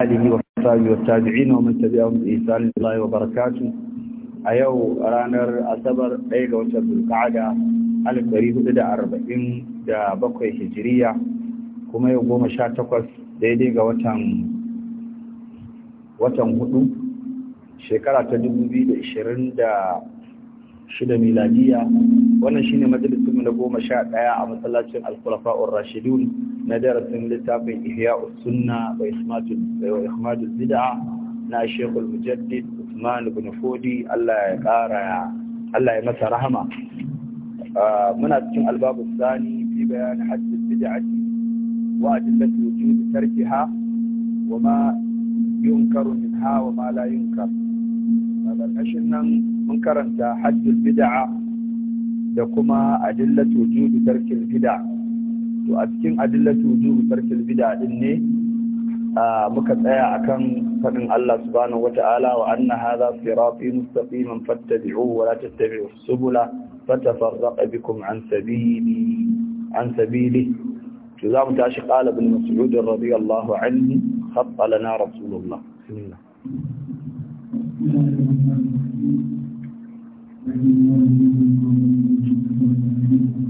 alihi wa sahbihi wa tabi'in wa man tabi'ahum bi ihsan ila yawm barakatuh a yau ranar asabar 1 ga watan zulqa'ada 1447 hijiriya kuma yau 18 daidai ga watan watan hudu shekara ta 2026 miladiya wannan shine majalisinmu na 11 a masallacin al-khulafa'ur rashidun na darasin littafin ihya sunna wa ikhmadul bid'a na shekul mujaddid usman ibn fodi Allah ya kara Allah ya masa rahama ah, muna cikin albabu sani fi bayan haddul bid'ati wa adillatu wujud tarkiha wa ma yunkaru minha wa ma la yunkar ƙarƙashin nan mun karanta haddul bid'a da kuma adillatu wujud tarkil bid'a to a cikin adillatu wujubu tarkil bid'a din ne muka tsaya akan fadin Allah subhanahu wata'ala wa anna hadha sirati mustaqiman fattabi'uhu wa la tattabi'u subula fatafarraqa bikum an sabili an sabili to za mu tashi qala ibn mas'ud radiyallahu anhu khatta lana rasulullah bismillah Thank you.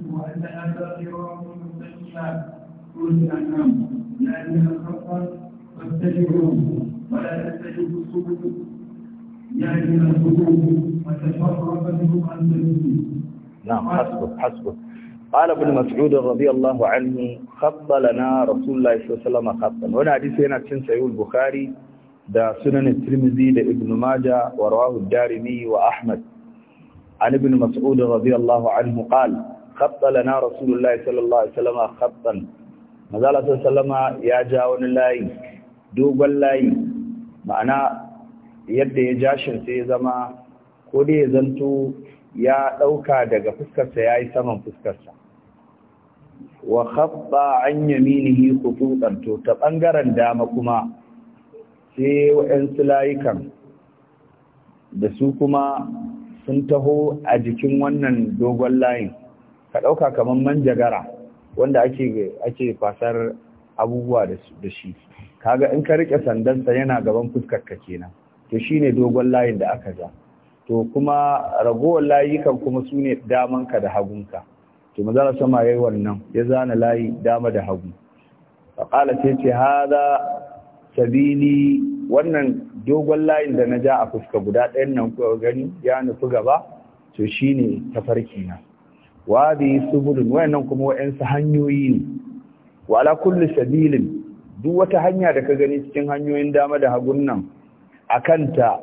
وأن آباء صراط مستقيما قل الأنعام لأنها خطأ فاتبعوه ولا تتبعوا السبل يعني القلوب وتفرق بكم عن سبيله نعم حسبك حسبك قال ابن مسعود رضي الله عنه خط لنا رسول الله صلى الله عليه وسلم خطا هنا حديث هنا cikin sahih البخاري bukhari سنن الترمذي tirmidhi ماجه ورواه الدارمي واحمد عن ابن مسعود رضي الله عنه قال khatta na rasulullahi sallallahu alaihi wasallam khattan manzo Allah sallama ya ja wani layi dogon layi ma'ana yadda ya jashin sai ya zama ko dai ya zanto ya dauka daga fuskarsa yayi saman fuskarsa wa khabba an yaminihi khututan to ta bangaren dama kuma sai wa'ansu layukan da su kuma sun taho a jikin wannan dogon layin ka ɗauka kamar manjagara wanda ake ake kwasar abubuwa da shi kaga in ka rike sandansa yana gaban fuskar ka kenan to shine dogon layin da aka ja to kuma ragowar layukan kuma su ne damanka da hagunka to manzala sama yayi wannan ya zana layi dama da hagu qala sai ce hada sabili wannan dogon layin da na ja a fuska guda ɗayan nan ku gani ya nufi gaba to shine tafarki na wa bi subulun wayannan kuma wayansu hanyoyi ne wa ala kulli sabilin duk wata hanya da ka gani cikin hanyoyin dama da hagun nan akanta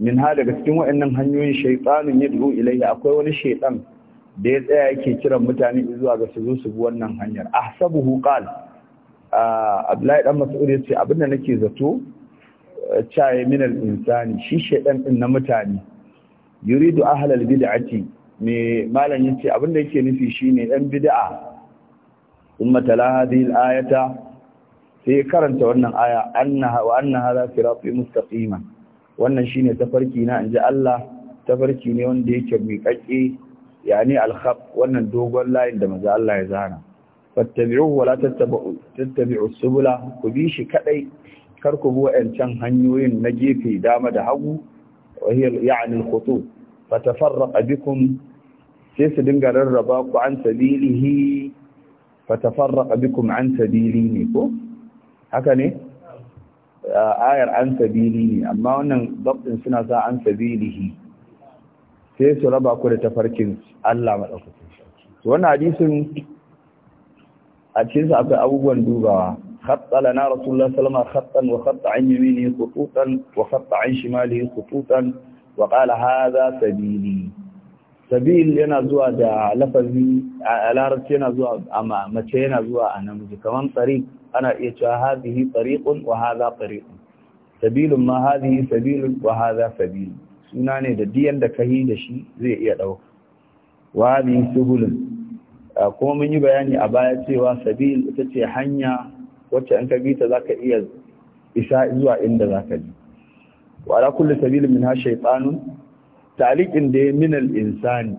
min ha daga cikin wayannan hanyoyin shaytanun yad'u ilayya akwai wani shaytan da ya tsaya yake kiran mutane zuwa ga su zo su bi wannan hanyar ahsabuhu qal Abdullahi dan Mas'ud ya ce abinda nake zato caye min al-insani shi shaytan din na mutane yuridu ahlal bid'ati me malam yace abin da yake nufi shine dan bid'a umma tala ayata sai karanta wannan aya annaha wa anna hadha sirati mustaqima wannan shine tafarki na inji Allah tafarki ne wanda yake miƙaƙe yani al-khab wannan dogon layin da manzo Allah ya zana fattabi'uhu wa la tattabi'u tattabi'u subula ku bi shi kadai kar ku bi wa'ancan hanyoyin na gefe dama da hagu wa hiya yani al-khutut fatafarraqa bikum sai su dinga rarraba ku an sabilihi fatafarraqa bikum an sabili ne ko haka ne ayar an sabili amma wannan dabtin suna sa an sabilihi sai su raba ku da tafarkin Allah madaukakin sarki wannan hadisin a cikin sa akwai abubuwan dubawa خط لنا رسول الله صلى الله عليه وسلم خطا وخط عن يمينه خطوطا وخط عن شماله خطوطا وقال هذا سبيلي sabil yana zuwa da lafazi a larabci yana zuwa a mace yana zuwa a namiji kamar tsari ana iya cewa hadhihi tsariƙun wa hadha tsariƙun sabilun ma hadhihi sabilun wa hadha suna ne da diyan da kahi da shi zai iya ɗauka wa hadhihi subulun kuma mun yi bayani a baya cewa sabil ita ce hanya wacce an ka bi ta zaka iya isa zuwa inda zaka je wa ala kulli sabilin minha shaytanun talikin da ya minal insani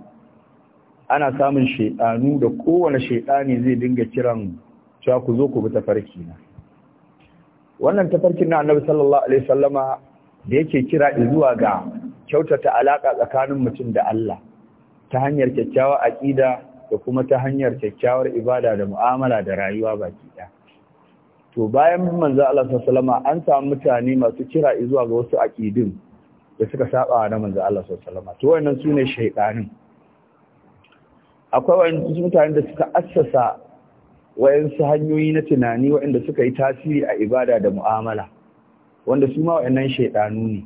ana samun shaidanu da kowane shaidani zai dinga kiran cewa ku zo ku bi tafarki na wannan tafarkin na annabi sallallahu alaihi sallama da yake kira zuwa ga kyautata alaka tsakanin mutum da Allah ta hanyar kyakkyawar aqida da kuma ta hanyar kyakkyawar ibada da mu'amala da rayuwa baki ɗaya. to bayan manzo Allah sallallahu alaihi sallama an samu mutane masu kira zuwa ga wasu aqidin da suka saba na manzo Allah sallallahu alaihi to wannan ne shaydanin akwai wani mutane da suka assasa wayansu hanyoyi na tunani waɗanda suka yi tasiri a ibada da mu'amala wanda su ma wayannan shaidanu ne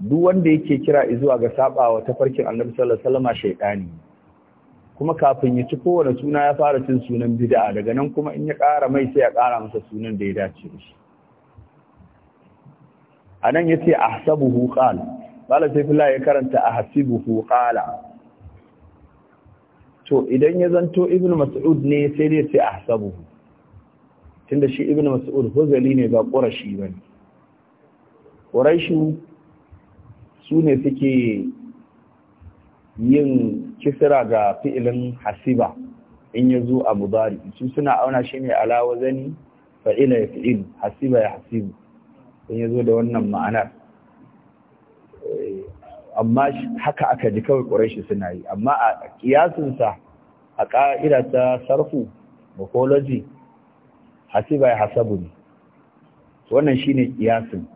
duk wanda yake kira zuwa ga sabawa tafarkin Annabi sallallahu alaihi wasallam shaidani kuma kafin ya ci kowane suna ya fara cin sunan bid'a daga nan kuma in ya kara mai sai ya ƙara masa sunan da ya dace da shi a nan ya ce a hasabuhu ƙala sai fila ya karanta a hasibuhu to idan ya zanto ibn mas'ud ne sai dai sai a hasabuhu tunda shi ibn mas'ud huzali ne ba ƙurashi ba ne ƙurashi su ne suke yin kisira ga fi'ilin hasiba in ya zo a mudari su suna auna shi ne ala wazani fa'ila ya fi'il hasiba ya hasibu sai ya zo da wannan ma'anar amma haka aka ji kawai ƙurashi suna yi amma a ƙiyasinsa a ƙa'ira ta sarfu morphology hasiba ya hasabu ne wannan shi ne ƙiyasin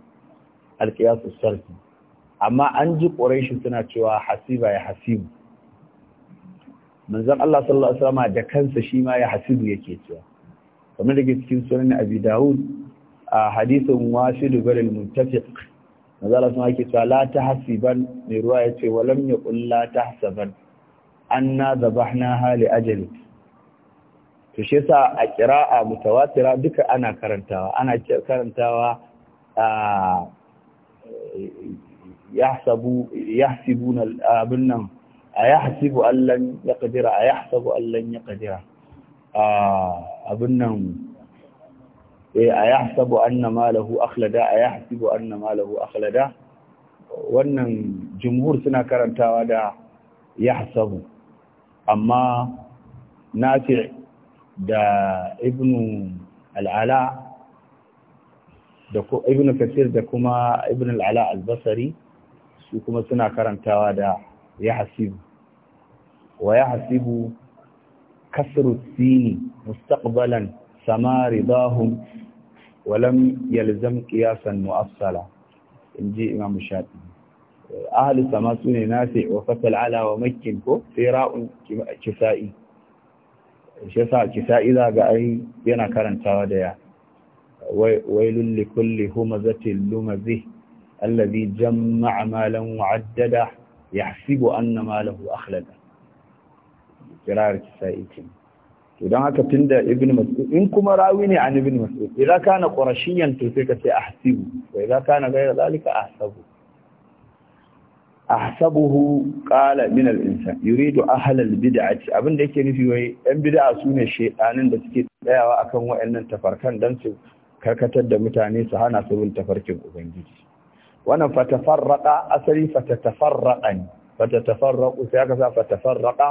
alƙiyasu sarfi amma an ji ƙurashi suna cewa hasiba ya hasibu manzan Allah sallallahu alaihi wasallam da kansa shi ma ya hasibu yake cewa kamar da cikin sunan Abi Dawud a hadisin washidu baril muntafiq mazala sun ake cewa la ta hasiban. mai ruwa ya yace walam yaqul la tahsaban anna zabahna hali ajali to shi yasa a qira'a mutawatira duka ana karantawa ana karantawa a yahsabu yahsibuna abin nan ayahsibu allan yaqdira ayahsabu allan yaqdira abin nan eh hasabu anna malahu akhlada hasibu anna malahu akhlada wannan jumhur suna karantawa da ya hasabu amma nafi da ibnu al'ala da ibn kasir da kuma ibn al'ala albasari su kuma suna karantawa da ya hasibu wa ya hasibu kasru sini mustaqbalan sama ridahum walam yalzam qiyasan mu'assala inji imam shafi ahli sama sune nafi wa fatal ala wa makkin ko sira'un kisa'i shi yasa kisa'i za ga yana karantawa da ya wailul likulli humazatil lumazi alladhi jama'a malan wa'addada yahsibu anna malahu akhlada kirar kisa'i kenan to don haka tunda ibn mas'ud in kuma rawi ne an ibn mas'ud idan kana qurashiyan to sai ka ce ahsibu wa idan kana ghayra zalika ahsabu ahsabuhu qala min al-insan yuridu ahl al-bid'ati abinda yake nufi wai yan bid'a sune shedanin da suke tsayawa akan wayannan tafarkan dan su karkatar da mutane su hana su bin tafarkin ubangiji wannan fatafarraqa asali fatatafarraqan fatatafarraqu sai aka sa fatafarraqa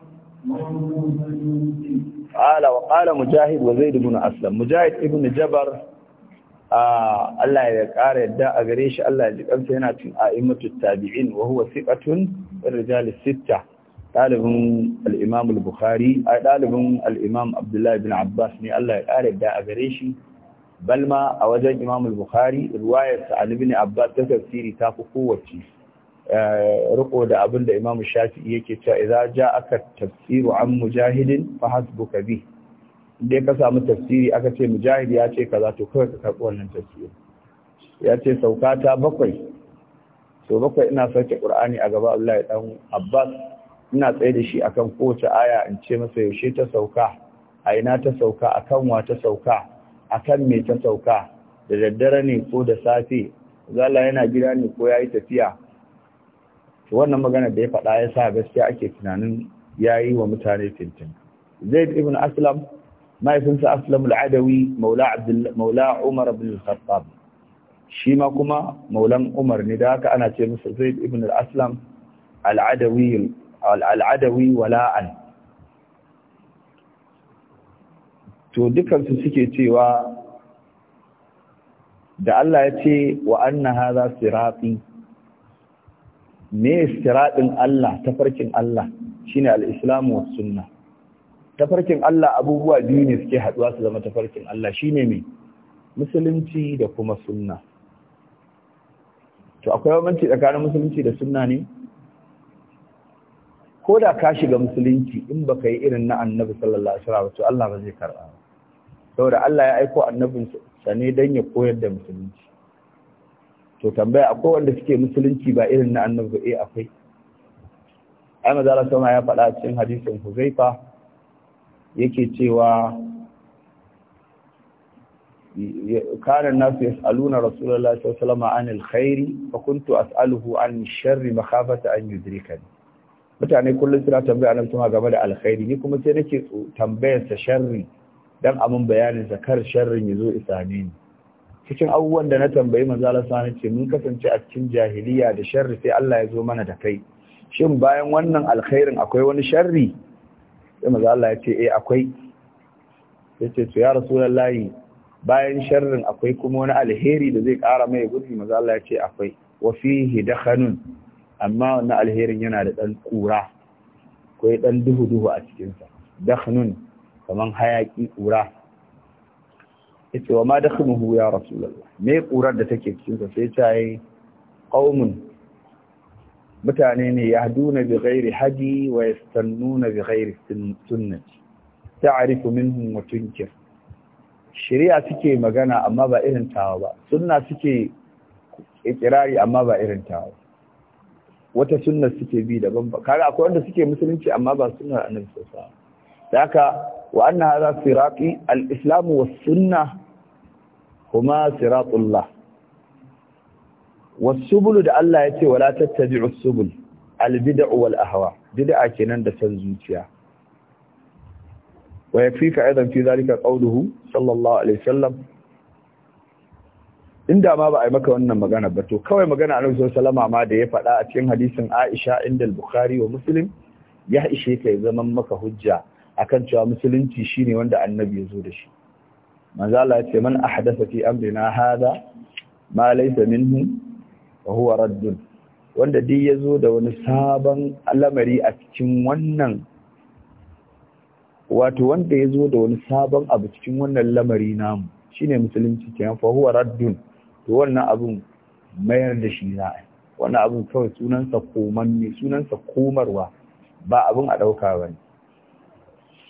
قال وقال مجاهد وزيد بن أسلم مجاهد ابن جبر Allah ya ƙara yadda a gareshi Allah ya jikansa yana cin a'immatu tabi'in wa huwa siqatun rijalis sitta al'imam al bin Abbas ne Allah ya ƙara yadda a gare shi balma a wajen Imam bukhari Abbas ta tafsiri kowace Eh, riko da abin da imamu Shafi'i yake cewa idza aka tafsiru an mujahidin fa hasbuka bi inda ka samu tafsiri aka ce mujahid ya ce kaza to kai ka karbo wannan tafsiri ya ce sauka ta bakwai to bakwai ina sauke Qur'ani a gaba Allah ya dan Abbas ina tsaye da shi akan kowace aya in ce masa yaushe ta sauka a ina ta sauka akan wa ta sauka akan me ta sauka da daddare ne ko da safe zalla yana gida ne ko yayi tafiya to wannan magana da ya faɗa ya sa gaskiya ake tunanin ya yi wa mutane fintin zaid ibn aslam mahaifinsa aslam al'adawi maula umar ibn al-khattab shi ma kuma maulan umar ne da haka ana ce masa zaid ibn aslam al'adawi wala'an to dukansu suke cewa da Allah ya ce wa anna hadha sirati ne istiradin Allah tafarkin Allah shine al-islam wa sunna tafarkin Allah abubuwa biyu ne suke haduwa su zama tafarkin Allah shine me musulunci da kuma sunna to akwai bambanci tsakanin musulunci da sunna ne ko da ka shiga musulunci in baka yi irin na annabi sallallahu alaihi wasallam to Allah ba zai karba saboda Allah ya aika annabinsa ne dan ya koyar da musulunci to tambaya akwai wanda suke musulunci ba irin na annabi eh akwai ai mazala sama ya faɗa cikin hadisin huzaifa yake cewa كان الناس يسألون رسول الله صلى الله عليه وسلم عن الخير فكنت an عن الشر an أن mutane kullum suna tambaya annabi kuma game da alkhairi ni kuma sai nake tambayar sa sharri dan amun bayanin sa kar sharrin yazo ne ni cikin abubuwan da na tambayi manzala sani ce mun kasance a cikin jahiliya da sharri sai Allah ya zo mana da kai shin bayan wannan alkhairin akwai wani sharri sai manzala ya ce eh akwai yace to ya rasulullahi bayan sharrin akwai kuma wani alheri da zai kara mai gudu manzala ya ce akwai wa fihi dakhanun amma wannan alherin yana da dan kura akwai dan duhu duhu a cikin sa dakhanun kaman hayaki kura yace wa ma dakhmuhu ya rasulullah me ƙurar da take cikin sa sai ta yi qaumun mutane ne ya hadu na bi ghairi haji wa yastannuna bi ghairi sunnati ta'rifu minhum wa tunkir shari'a suke magana amma ba irin tawa ba sunna suke ikirari amma ba irin tawa wata sunna suke bi daban ba kaga akwai wanda suke musulunci amma ba sunna annabi sallallahu alaihi wasallam haka wa anna hadha sirati al-islam was sunnah huma siratullah was subul da Allah yace wala tattabi'u subul al-bid'u wal ahwa bid'a kenan da san zuciya wa yakfika aidan fi zalika qawluhu sallallahu alaihi wasallam inda ma ba a yi maka wannan magana ba to kawai magana annabi sallallahu alaihi ma da ya faɗa a cikin hadisin Aisha inda al-Bukhari wa Muslim ya ishe ka ya maka hujja akan cewa musulunci shine wanda annabi ya zo da shi manzo Allah ya ce man ahdatha fi amrina hadha ma laysa minhu wa huwa radd wanda duk ya zo da wani sabon lamari a cikin wannan wato wanda ya zo da wani sabon abu cikin wannan lamari namu shine musulunci kenan fa huwa radd to wannan abun mayar da shi za a wannan abun kawai sunansa komanne sunansa komarwa ba abun a ɗauka ba ne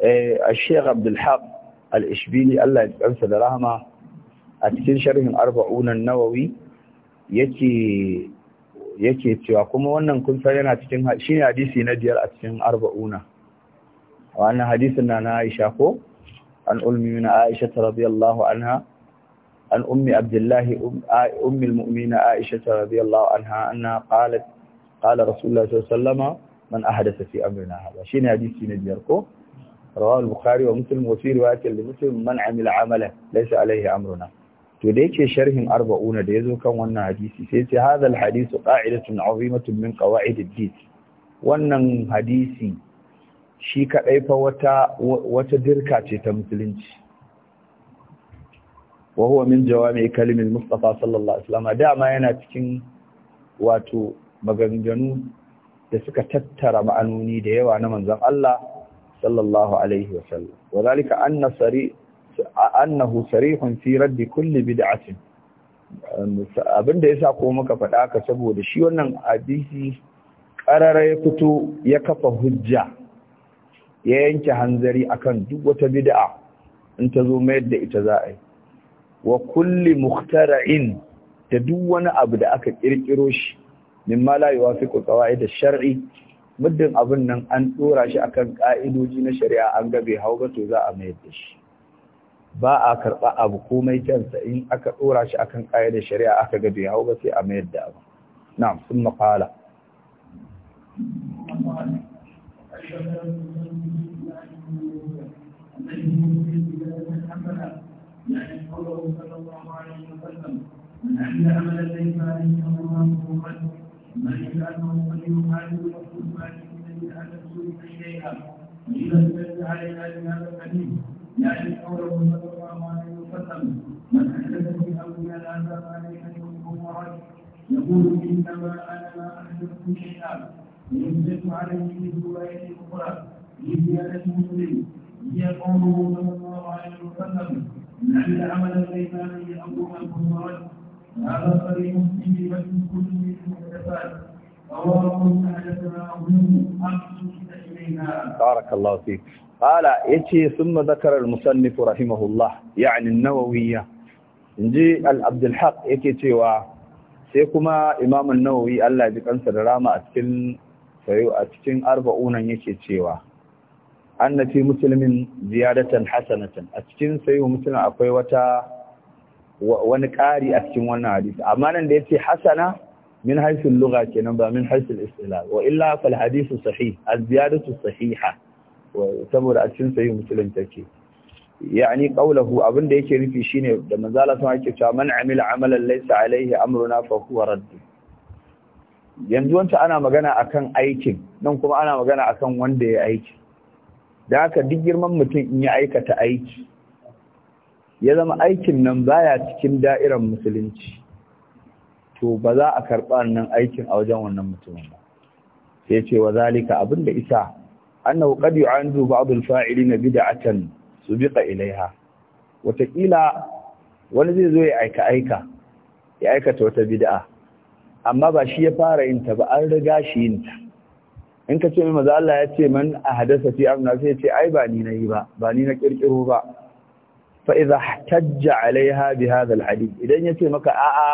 Eh, a shek abdulhaq al-ishbili allah ya kansa a cikin arba'unan yake yake cewa kuma wannan kun san yana cikin shine hadisi na biyar a cikin arba'una wannan hadisin na na Aisha ko an ulmi min Aisha radiyallahu anha an ummi Abdullahi ummi al-mu'minin Aisha radiyallahu anha anna qalat qala Rasulullah sallallahu alaihi wasallam man ahdatha fi amrina hada shine hadisi na biyar ko rawahu bukhari wa muslim wa fi riwayatin li muslim man amila amalan laysa alayhi amruna to da yake sharhin arba'una da ya zo kan wannan hadisi sai ce hadha al-hadith qa'idatun 'azimatun min qawa'id ad-din wannan hadisi shi kaɗai fa wata wata dirka ce ta musulunci wa huwa min jawami kalimin mustafa sallallahu alaihi wasallam dama yana cikin wato maganganu da suka tattara ma'anoni da yawa na manzon Allah sallallahu alaihi wa sallam anna sari annahu sarihun fi raddi kulli bid'atin abinda yasa ko muka faɗa ka saboda shi wannan hadisi qarara ya fito ya kafa hujja ya yanke hanzari akan duk wata bid'a in ta zo mayar da ita za a yi wa kulli muhtara'in da duk wani abu da aka kirkiro shi mimma la yuwafiqu qawaid ash-shar'i muddin abun nan an dora shi akan ka'idoji na shari'a an ga bai hau ba to za a mayar da shi ba a karba abu komai kansa in aka dora shi akan ka'idar shari'a aka ga bai ba sai a mayar da abu na'am summa qala يعني قوله صلى الله عليه وسلم من عمل عملا ليس عليه امرنا من يسأله أن يهاجر القربان الذي أهلته إليها قيل الذي عليها لهذا الحديث يعني قوله صلى الله عليه وسلم من أحدث في أمرنا هذا ما ليس منه مرض يقول إنما أنا ما أحدثت شيئا ويمسك عليه في الرواية الأخرى لزيادة المسلم هي قوله صلى الله عليه وسلم لعل عمل الشيطان يأمر رجل بارك الله فيك قال يجي ثم ذكر المصنف رحمه الله يعني النووية نجي عبد الحق يجي تيوا sai kuma imam an-nawawi Allah ya ji kansa da rama a cikin sayo a cikin 40 nan yake cewa annati muslimin ziyadatan hasanatan a cikin sayo muslimin akwai wata wani ƙari a cikin wannan hadisi amma nan da yace hasana min haythu lugha kenan ba min haythu al-istilah wa illa fal hadisu sahih az-ziyadatu sahiha saboda a cikin sahih muslim take yani qawluhu abinda yake rufi shine da manzala sun sama yake cewa man amila amalan laysa alayhi amruna fa huwa radd yanzu wanta ana magana akan aikin nan kuma ana magana akan wanda ya aiki da haka duk girman mutum in ya aikata aiki ya zama aikin nan baya cikin da'irar musulunci to ba za a karɓa nan aikin a wajen wannan mutumin ba sai ce wa zalika da isa annahu qad yu'andu ba'd al-fa'ilina bid'atan subiqa ilaiha Wataƙila wani zai zo ya aika aika ya aikata wata bid'a amma ba shi ya fara yin ta ba an riga shi yin ta in ka ce mai maza Allah ya ce man a hadasa fi amna sai ce ai ba ni na yi ba ba ni na kirkiro ba faiza idza alaiha bi hadha alhadith idan yace maka a'a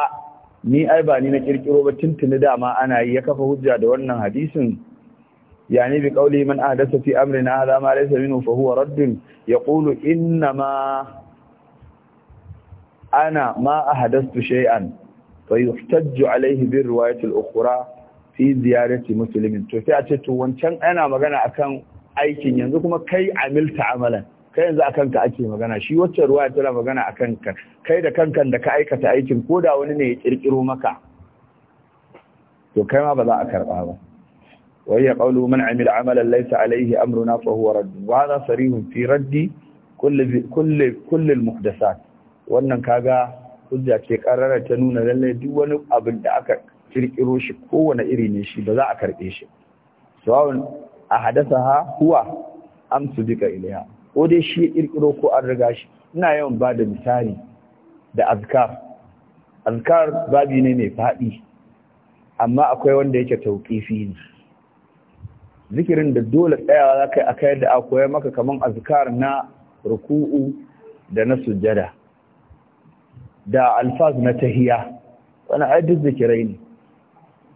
ni ai ba ni na kirkiro ba tuntuni dama ana yi ya kafa hujja da wannan hadisin yani bi qawli man ahdatha fi amrina hadha ma laysa minhu fa huwa ya yaqulu inna ma ana ma ahdathu shay'an fa yuhtajju alayhi bi riwayat al-ukhra fi ziyarati muslimin to sai a ce to wancan ana magana akan aikin yanzu kuma kai amilta amalan Ka yanzu a kanka ake magana shi wacce ruwa tana magana a ka kai da kankan da ka aikata aikin ko da wani ne ya kirkiro maka to kai ma ba za a karba ba wa ya qawlu man amila amalan laysa alayhi amruna fa huwa radd wa hadha sarihun fi raddi kulli kulli wannan kaga hujja ce karara ta nuna lalle duk wani abin da aka kirkiro shi kowane iri ne shi ba za a karbe shi sawun a hadasaha huwa am sudika ilaiha ko dai shi ya ƙirƙiro ko an riga shi ina yawan ba da misali da azkar azkar babi ne mai faɗi amma akwai wanda yake tauƙifi ne zikirin da dole tsayawa za ka yi a kayar da akwai maka kamar azkar na ruku'u da na sujjada da alfaz na tahiya wani duk zikirai ne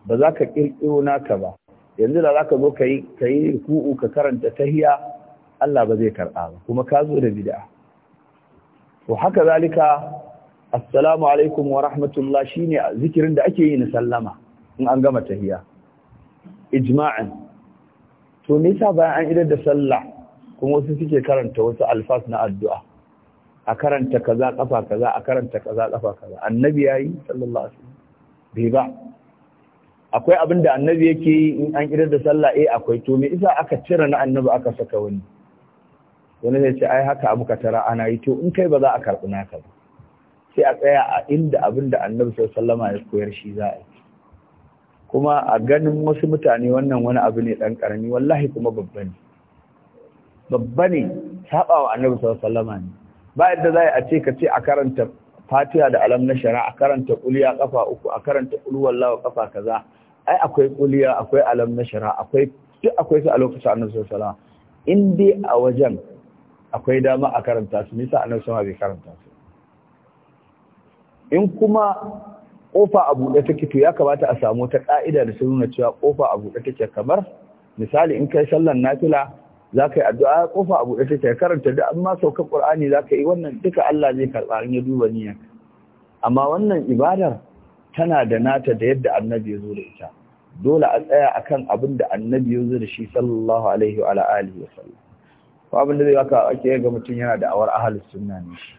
ba za ka ƙirƙiro naka ba yanzu da za ka zo ka yi ruku'u ka karanta tahiya Allah ba zai karɓa ba kuma ka zo da bid'a to haka zalika assalamu alaikum wa rahmatullah shine zikirin da ake yi na sallama in an gama tahiyya ijma'an to me yasa bayan an idar da sallah kuma wasu suke karanta wasu alfas na addu'a a karanta kaza kafa kaza a karanta kaza kafa kaza annabi yayi sallallahu alaihi wasallam bai ba akwai abin da annabi yake yi in an idar da sallah eh akwai to me yasa aka cire na annabi aka saka wani wani zai ce ai haka abu ka tara ana yi to in kai ba za a karɓi naka ba sai a tsaya a inda abin da annabi sallama ya koyar shi za a yi kuma a ganin wasu mutane wannan wani abu ne ɗan ƙarami wallahi kuma babba ne babba ne saba wa annabi sallama ne ba yadda za a ce ka ce a karanta fatiha da alam na shara a karanta kuliya kafa uku a karanta kulwallawa kafa kaza ai akwai kuliya akwai alam na shara akwai duk akwai su a lokacin annabi sallama in dai a wajen akwai dama a karanta su nisa annabi sun bai karanta su in kuma ƙofa a buɗe take to ya kamata a samu ta ka'ida da sun cewa kofa a buɗe take kamar misali in kai sallan nafila za ka yi addu'a kofa a buɗe take karanta da amma saukar ƙur'ani za ka yi wannan duka Allah zai karɓa in ya duba niyyar amma wannan ibadar tana da nata da yadda annabi ya zo da ita dole a tsaya akan abin da annabi ya zo da shi sallallahu alaihi wa alihi wa sallam ko abin da zai aka ake ga mutum yana da awar ahalus suna ne shi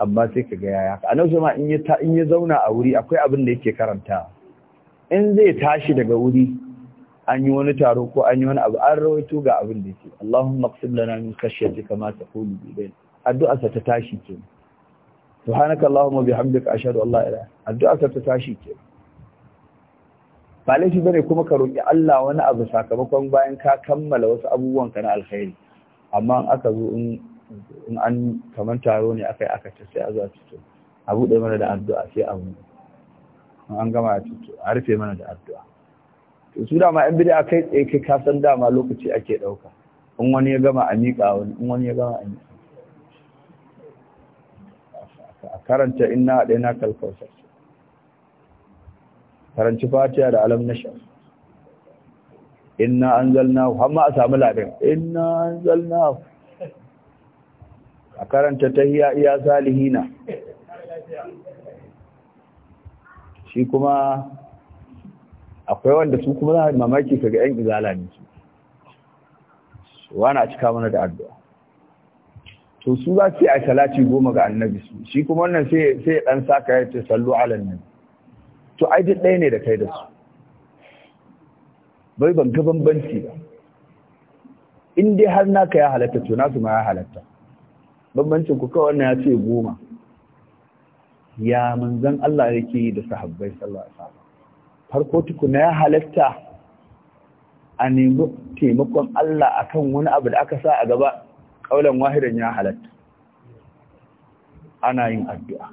amma sai ka gaya ya ka annabi ma in ya zauna a wuri akwai abin da yake karanta in zai tashi daga wuri an yi wani taro ko an yi wani abu an rawaito ga abin da yake Allahumma maksim lana min khashyatika ma taqulu bi bayn addu'a sa ta tashi ke subhanaka allahumma bihamdika ashhadu an la ilaha addu'a sa ta tashi ke ba laifi bane kuma ka roki Allah wani abu sakamakon bayan ka kammala wasu abubuwan ka na alkhairi amma in aka zo in an kamar taro ne aka yi aka ta sai a zuwa cito a buɗe mana da addu'a sai a In an gama a cito a rufe mana da addu'a to su dama yan bida kai tsaye kai ka san dama lokaci ake ɗauka in wani ya gama a miƙa wani in wani ya gama a miƙa a karanta inna ɗaya na kalkausar karanci fatiya da alam na shafi inna anzalnahu hamma a samu labin inna anzalnahu a karanta hiya iya salihina shi kuma akwai wanda su kuma za a mamaki ga yan izala ne su wani a cika mana da addu'a to su za su yi a salati goma ga annabi su shi kuma wannan sai dan saka ya ce sallu ala annabi to ai duk ɗaya ne da kai da su bai ban ga bambanci ba in dai har naka ya halatta to nasu ma ya halatta bambancin ku kawai wannan ya ce goma ya manzan Allah yake yi da sahabbai sallallahu alaihi wasallam farko na ya halatta a nemi taimakon Allah akan wani abu da aka sa a gaba kaulan wahidan ya halatta ana yin addu'a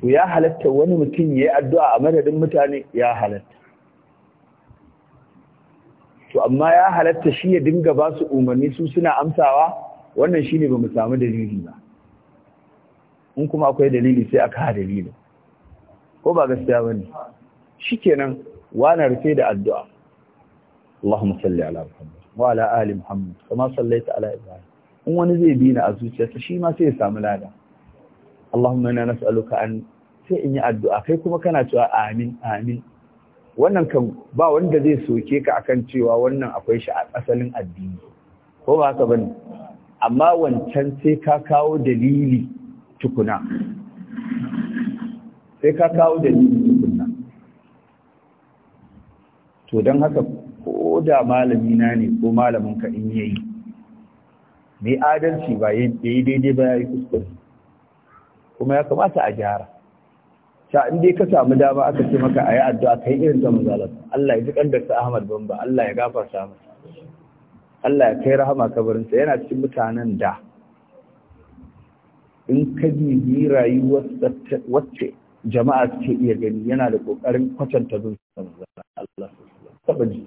to ya halatta wani mutum yayi addu'a a madadin mutane ya halatta amma ya halatta shi ya dinga ba su umarni su suna amsawa wannan shine ba mu samu dalili ba in kuma akwai dalili sai aka ha dalili ko ba gaskiya bane shikenan wani rufe da addu'a Allahumma salli ala Muhammad wa ala ali Muhammad kama sallaita ala Ibrahim in wani zai bi ni a zuciyarsa shi ma sai ya samu lada Allahumma inna nas'aluka an sai in yi addu'a kai kuma kana cewa amin amin wannan kan ba wanda zai soke ka akan cewa wannan akwai shi a asalin addini ko ba haka bane amma wancan sai ka kawo dalili tukuna sai ka kawo dalili tukuna to don haka ko da malami na ne ko malamin ka in yayi mai adalci ba yayi daidai ba yayi kuskure kuma ya kamata a gyara sha in dai ka samu dama aka ce maka a yi addu'a yi irin ta manzalar Allah ya ji kandar sa Ahmad Bamba Allah ya gafarta masa Allah ya kai rahama kabarin sa yana cikin mutanen da in ka bibi rayuwar wacce jama'a suke iya gani yana da kokarin kwatanta don manzalar Allah saba ji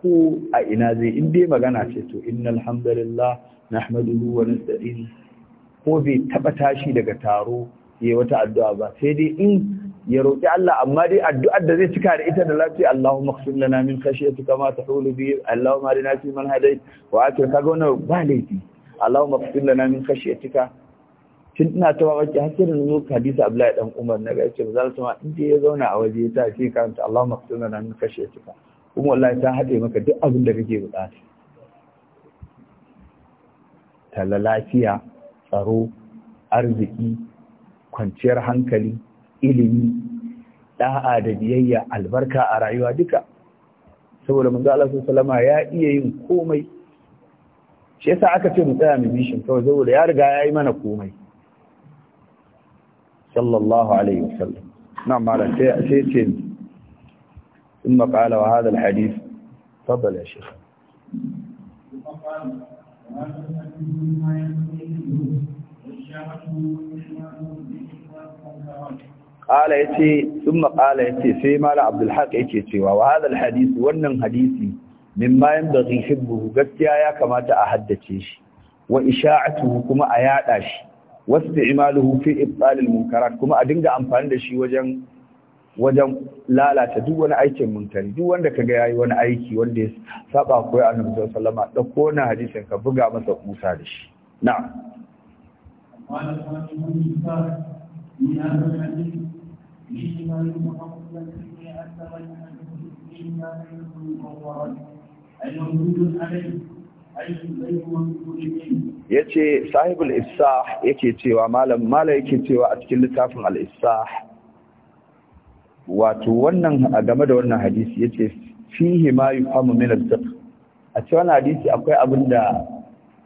ko a ina zai in dai magana ce to innal hamdalillah nahmaduhu wa na ko bai taɓa tashi daga taro yi wata addu'a ba sai dai in ya roƙi Allah amma dai addu'ar da zai cika da ita da lafiya Allahu khfir lana min ta ma biyu bi ma arina fi man hadayt wa ake kaga wani ba laifi Allahu khfir lana min cika. tun ina ta mamaki har sai na zo hadisi Abdullahi dan Umar na ba? yace bazal ma in je ya zauna a waje ta ce kanta Allahu khfir lana min cika. kuma wallahi ta haɗe maka duk abin da kake buƙata. talla lafiya tsaro arziki kwanciyar hankali ilimi da'a da biyayya albarka a rayuwa duka saboda manzo Allah sallama ya iya yin komai shi yasa aka ce mu tsaya mu bi shi kawai saboda ya riga ya yi mana komai sallallahu alaihi wasallam na mara sai sai ce ثم قال وهذا الحديث تفضل يا شيخ ثم قال وهذا الحديث ما يكفيه قال يتي ثم قال يتي في مال عبد الحق يتي cewa وهذا hadisi wannan hadisi mimma yanbaghi buhu gaskiya ya kamata a haddace shi wa isha'atuhu kuma a yada shi wasti'maluhu fi ibtal munkarat kuma a dinga amfani da shi wajen wajen lalata duk wani aikin munkari duk wanda kaga yayi wani aiki wanda ya saba koyi annabi sallallahu alaihi wasallam da ko hadisin ka buga masa kusa da shi na'am قال من هذا الحديث الحديث عليه ya sahibul isah yake cewa malam malai yake cewa a cikin littafin al-isah wato wannan a game da wannan hadisi yace fihi ma yufamu min al-fiqh a cikin hadisi akwai abin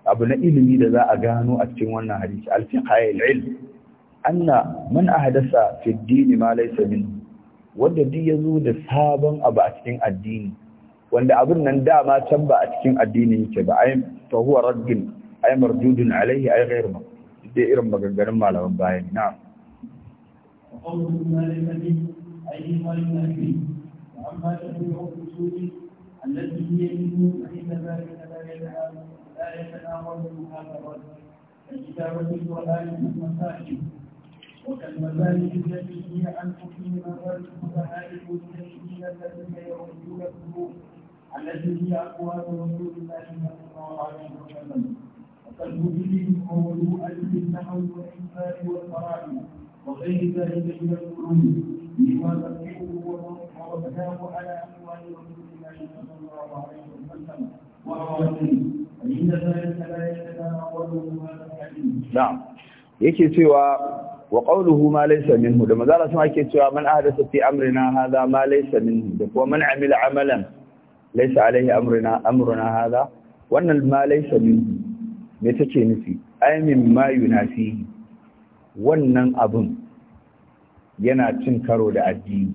abu na ilimi da za a gano a cikin wannan hadisi alfiqayil ilm anna man ahdasa fi ad-din ma laysa min wanda duk yazo da sabon abu a cikin addini wanda abun nan dama can ba a cikin addini yake ba ai fa huwa raddin ai marjudun alaihi ai ghayr ma dai irin maganganun malaman bayan na'am وقوله مالك به أي مالك أبيه وأما تبيع الأصول التي هي منه فإن ذلك لا يلعب لا يتناول المحاضرات ككتابة القرآن في المساجد والمذاهب التي هي عن حكم مذاهب الفقهاء المجتهدين الذين يردون القلوب التي هي أقوال رسول الله صلى الله عليه وسلم وقد وجدهم قوله ألف النحو والحساب والفرائض وغير ذلك من القلوب لما تفكره ووضعه على أقوال رسول الله صلى الله عليه وسلم وأوامره na'am yake cewa wa qawluhu ma laysa minhu da mazala sun ake cewa man ahdatha fi amrina hadha ma laysa minhu da kuma man amila amalan laisa alaihi amruna amruna hadha wannan ma laysa minhu me take nufi ay min ma yunafihi wannan abun yana cin karo da addini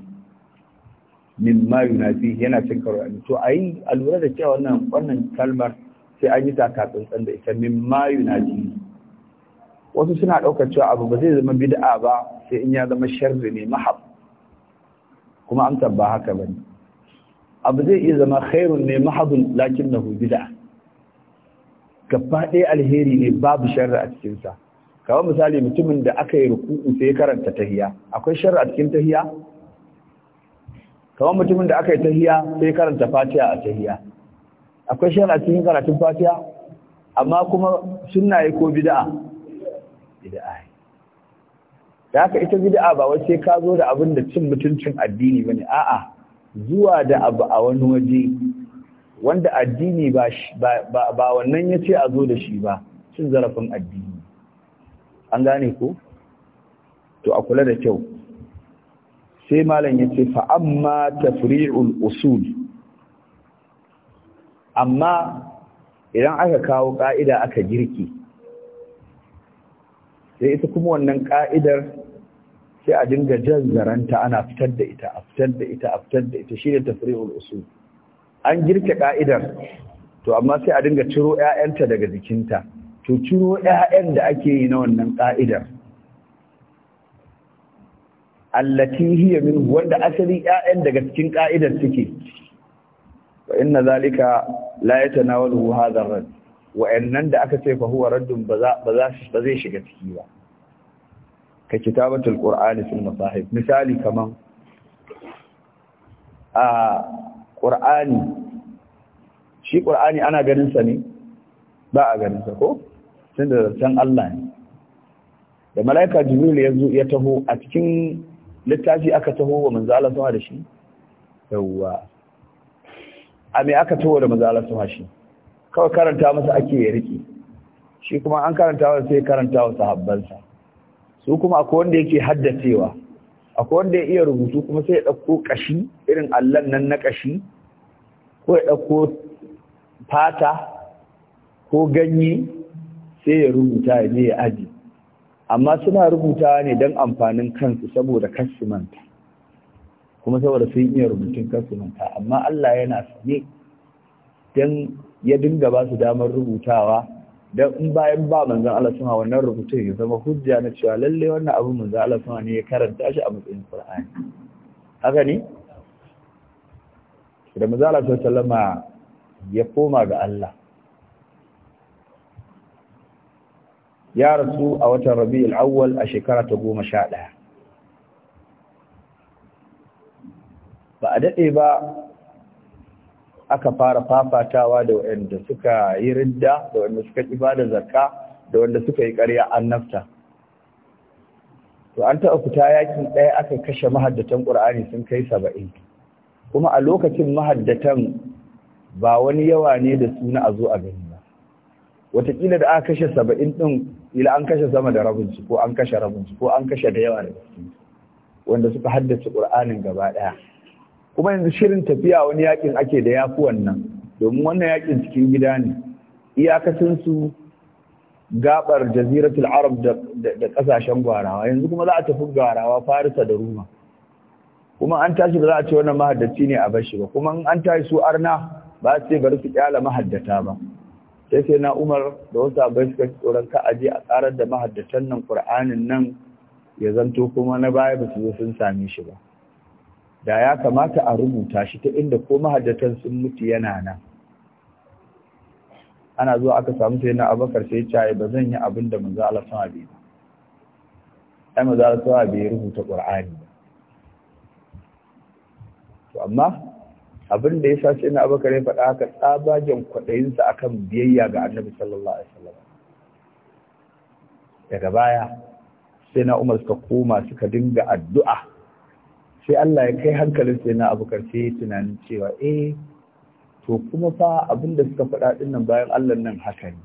min ma yunafihi yana cin karo da addini to ayi alura da cewa wannan kalmar sai an yi taka tsantsan da ita min mayu na ji wasu suna ɗaukar cewa abu ba zai zama bid'a ba sai in ya zama sharri ne mahab kuma amsar ba haka ba ne abu zai iya zama khairun ne mahabun lakin na bid'a gaba ɗaya alheri ne babu sharri a cikinsa kamar misali mutumin da aka yi ruku'u sai karanta tahiya akwai sharri a cikin tahiya kamar mutumin da aka yi tahiya sai karanta fatiha a tahiya akwai shi a cikin karatun fatiha amma kuma suna yi ko bid'a bid'a da haka ita bida'a ba wace ka zo da abin da cin mutuncin addini ba ne? a'a zuwa da abu a wani waje wanda addini ba wannan ya ce a zo da shi ba cin zarafin addini an gane ko to a kula da kyau sai malam ya ce fa'amma tafri'ul usul amma idan aka kawo ƙa'ida aka girki sai ita kuma wannan ƙa'idar sai a dinga jazzaranta ana fitar da ita a fitar da ita a fitar da ita shi ne tafri'ul usul an girke ƙa'idar to amma sai a dinga ciro 'ya'yanta daga jikinta to ciro 'ya'yan da ake yi na wannan ƙa'idar allati hiya min wanda asali 'ya'yan daga cikin ƙa'idar suke fa inna zalika la yatanawalu hadha ar-rad wa'annan da aka ce fa huwa raddun ba zai shiga ciki ba ka kitabatul qur'ani fil masahif misali kaman a qur'ani shi ana ne ba a Allah ne da malaika jibril ya zo ya taho a cikin littafi aka taho wa manzo Allah da shi yawwa a mai aka towo da manzo Allah kawai karanta masa ake ya riki shi kuma an karanta wa sai karanta wa sahabbansa su kuma akwai wanda yake haddacewa a wanda ya iya rubutu kuma sai ya ɗauko kashi irin allon nan na kashi ko ya ɗauko fata ko ganye sai ya rubuta ya je ya aji amma suna rubuta ne don amfanin kansu saboda kasimanta kuma saboda sun iya rubutun kar su manta amma Allah yana sane dan ya dinga ba su damar rubutawa dan in bayan ba manzon Allah suna wannan rubutun ya zama hujja na cewa lalle wannan abu manzon Allah suna ne ya karanta shi a matsayin Qur'ani haka ne da manzon Allah sallama ya koma ga Allah ya rasu a watan Rabiul Awwal a shekara ta goma sha ɗaya. ba a daɗe ba aka fara fafatawa da waɗanda suka yi ridda da waɗanda suka ƙi ba da zarka da waɗanda suka yi ƙarya an nafta to an taɓa fita yakin ɗaya aka kashe mahaddatan ƙur'ani sun kai saba'in kuma a lokacin mahaddatan ba wani yawa ne da suna a zo a gani ba wataƙila da aka kashe saba'in ɗin ila an kashe sama da rabin ko an kashe rabin ko an kashe da yawa da gaske wanda suka haddace ƙur'anin gaba ɗaya kuma yanzu shirin tafiya wani yakin ake da yafi wannan domin wannan yakin cikin gida ne iyakacin su gabar jaziratul arab da kasashen gwarawa yanzu kuma za a tafi gwarawa farisa da ruma kuma an tashi ba za a ce wannan mahaddaci ne a bashi ba kuma an tashi su arna ba su ce bari su kyala mahaddata ba sai sai na umar da wasu abai suka tsoron ka aje a tsarar da mahaddatan nan kur'anin nan ya zanto kuma na baya ba su zo sun same shi ba da ya kamata a rubuta shi ta inda ko mahaddatan sun mutu yana nan ana zuwa aka samu sai na abakar sai ya ba zan yi abin da manzo Allah sama bi ai manzo Allah sama bi rubuta Qur'ani ba to amma abin da yasa sai na abakar ya faɗa haka tsabagen kwadayin sa akan biyayya ga Annabi sallallahu alaihi wasallam daga baya sai na Umar suka koma suka dinga addu'a sai Allah ya kai hankalin sai na abubakar sai tunanin cewa eh to kuma fa abin da suka faɗa ɗin nan bayan Allah nan haka ne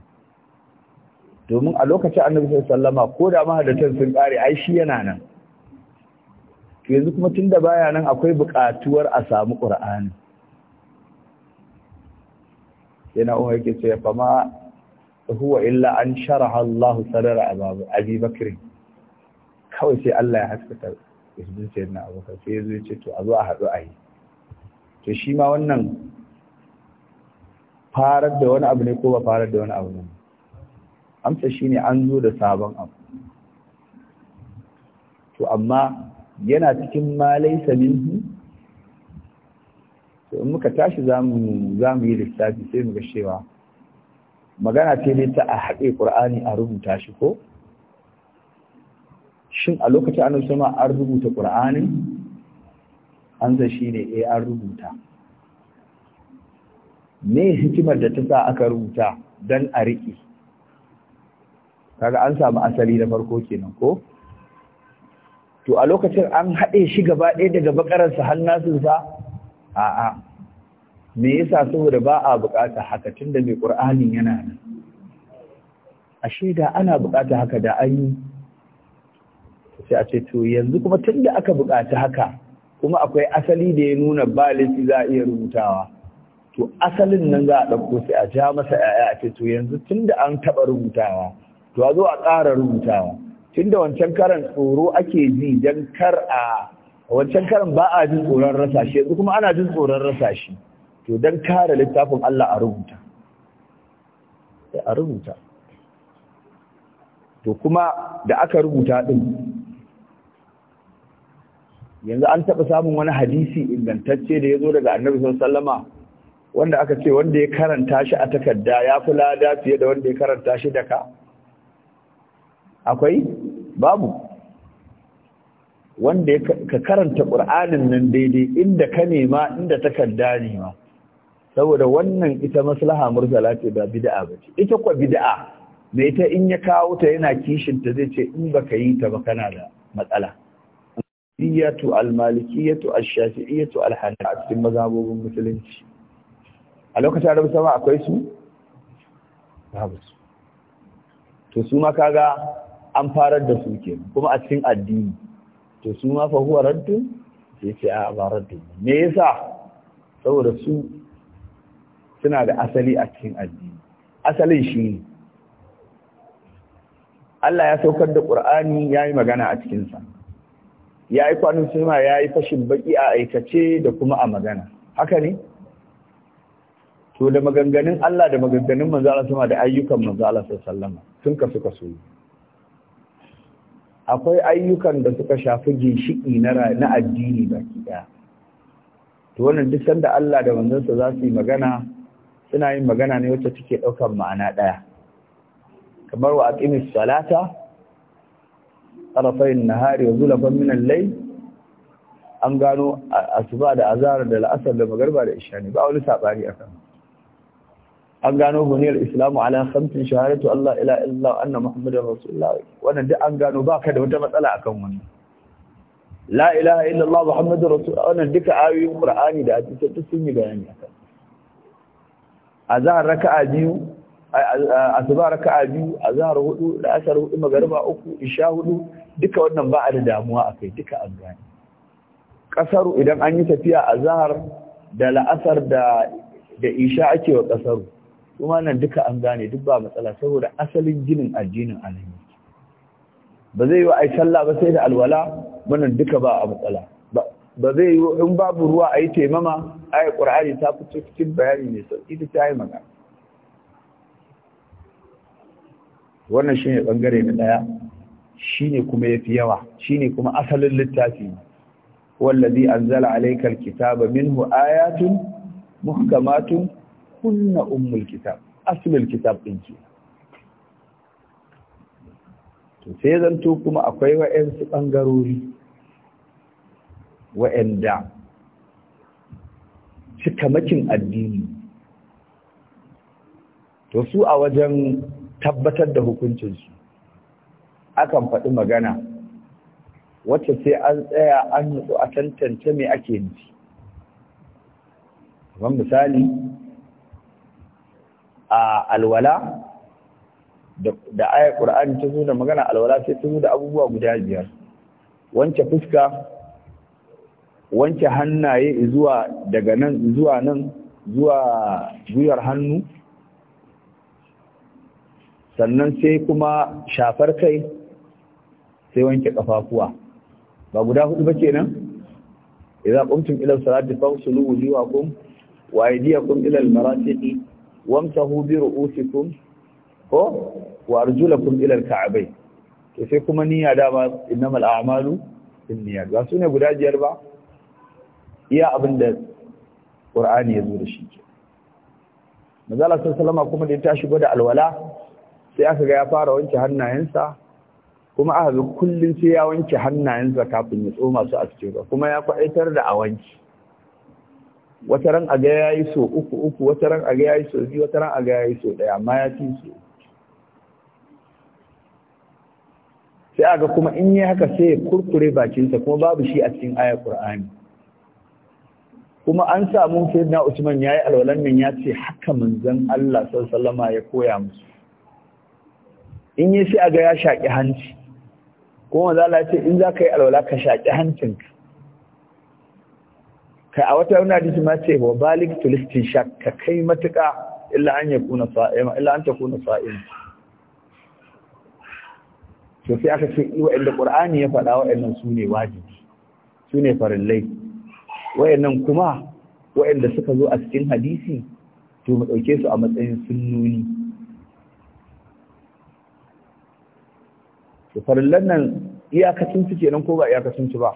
domin a lokacin annabi sallama ko da mahadatan sun kare ai shi yana nan to yanzu kuma tunda baya nan akwai buƙatuwar a samu ƙur'ani yana uwa yake ce fa ma huwa illa an sharaha Allahu sadara Abi Bakr kawai sai Allah ya haskaka isbin sayyidina abubakar sai ya zo ya ce to a zo a haɗu a yi to shi ma wannan farar da wani abu ne ko ba farar da wani abu ne amsa shi ne an zo da sabon abu to amma yana cikin malai laysa to in muka tashi zamu zamu yi lissafi sai mu ga cewa magana ce ne ta a haɗe Qur'ani a rubuta shi ko shin a lokacin annabi sama an rubuta qur'ani an za shi ne eh an rubuta me hikimar da ta sa aka rubuta dan a riƙe kaga an samu asali na farko kenan ko to a lokacin an haɗe shi gaba ɗaya daga sa har a a'a me yasa saboda ba a buƙata haka tunda mai qur'anin yana nan ashe da ana buƙata haka da an yi sai a ce to yanzu kuma tun da aka buƙaci haka kuma akwai asali da ya nuna ba laifi za a iya rubutawa to asalin nan za a ɗauko sai a ja masa ‘ya'ya a ce to yanzu tun da an taɓa rubutawa to a zo a ƙara rubutawa tun da wancan karan tsoro ake ji don kar a wancan karan ba a jin tsoron rasa shi yanzu kuma ana jin tsoron rasa shi to don kare littafin Allah a rubuta a rubuta to kuma da aka rubuta ɗin yanzu an taɓa samun wani hadisi ingantacce da ya zo daga annabi sallama wanda aka ce wanda ya karanta shi a takarda ya fi lada fiye da wanda ya karanta shi da ka akwai babu wanda ka karanta ƙur'anin nan daidai inda ka nema inda takarda nema saboda wannan ita maslaha mursala ce ba bid'a ba ce ita kwa bid'a Mai ta in ya kawo ta yana kishin ta zai ce in baka yi ta ba kana da matsala hanafiyatu al-malikiyatu ash-shafi'iyatu al-hanafi a cikin mazhabobin musulunci a lokacin arabu sama akwai su babu su to su ma kaga an farar da su kenan kuma a cikin addini to su ma fa huwa raddun sai ce a ba raddun me yasa saboda su suna da asali a cikin addini asalin shi ne Allah ya saukar da Qur'ani yayi magana a cikin sa ya yi kwanin suna ya yi fashin baki a aikace da kuma a magana haka ne to da maganganun Allah da maganganun manzala suna sama da ayyukan manzala Allah sallama sun kafi kaso akwai ayyukan da suka shafi ginshiki na na addini baki daya to wannan duk sanda Allah da manzansa za su yi magana suna yin magana ne wacce take ɗaukar ma'ana ɗaya? kamar wa aqimis salata tsarafayin nahari wa zulafan minan lai an gano asuba da azara da la'asar da magarba da ishani ba wani saɓari a kan an gano huniyar islamu ala hamsin shahadatu Allah ila illa anna muhammadin rasulullah wannan duk an gano ba ka da wata matsala akan wani. la ilaha illallah muhammadin rasulullah wannan duka ayoyin qur'ani da hadisi duk sun yi bayani akan azhar raka'a biyu asuba raka'a biyu azhar hudu da hudu magarba uku isha hudu duka wannan ba a da damuwa a kai duka an gane ƙasaru idan an yi tafiya a zahar da la'asar da da isha ake wa ƙasaru kuma nan duka an gane duk ba matsala saboda asalin jinin addinin alhamdu ba zai yi wa ai sallah ba sai da alwala wannan duka ba a matsala ba zai yi in babu ruwa a yi taimama a yi ƙur'ani ta fito cikin bayani mai sauƙi ta ta yi magana wannan shi ne ɓangare na ɗaya Shi ne kuma ya fi yawa Shi ne kuma asalin littafi wallazi anzala alayka alkitaba minhu ayatun muhkamatun kunna umul kitab asalin kitab ɗin ke to sai zanto kuma akwai wa'ansu bangarori wa'anda cikamakin addini to su a wajen tabbatar da hukuncinsu akan faɗi magana wacce sai an tsaya an nutsu a tantance me ake nufi kamar misali a alwala da aya ƙur'ani ta zo da magana alwala sai ta zo da abubuwa guda biyar wance fuska wance hannaye zuwa daga nan zuwa nan zuwa guyar hannu sannan sai kuma shafar kai sai wanke kafafuwa ba guda hudu ba kenan idza qumtum ila salati faghsulu wujuhakum wa aydiyakum ila al-marafiqi wamsahu bi ru'usikum ko wa arjulakum ila al-ka'bayn to sai kuma niyya da ba innamal a'malu binniyat ba sune guda jiyar ba iya abinda qur'ani yazo da shi manzo sallallahu alaihi kuma da ya tashi gode alwala sai aka ga ya fara wanke hannayensa kuma aka ga kullum sai ya wanke hannayensa kafin ya tsoma su a cikin ruwa kuma ya kwaitar da a wanki wata ran a ga ya yi so uku uku wata ran a ga ya yi so biyu wata ran a ga ya yi so ɗaya amma ya fi so sai a ga kuma in yi haka sai ya kurkure bakinsa kuma babu shi a cikin ayar Qur'ani kuma an samu sayyidina Usman yayi alwalan nan ya ce haka manzon Allah sallallahu alaihi ya koya musu in yi sai a ga ya shaki hanci kuma za ce in za ka yi alwala ka shaƙi hancinka ka. a wata wani hadisi ma ce wa balik tulisti sha ka kai matuƙa illa an kuna sa'ima illa an kuna sa'ima to sai aka ce inda qur'ani ya faɗa wa'annan su ne wajibi su ne farillai wa'annan kuma wa'anda suka zo a cikin hadisi to mu ɗauke su a matsayin sunnoni to farillan nan iyakacin su kenan ko ba iyakacin su ba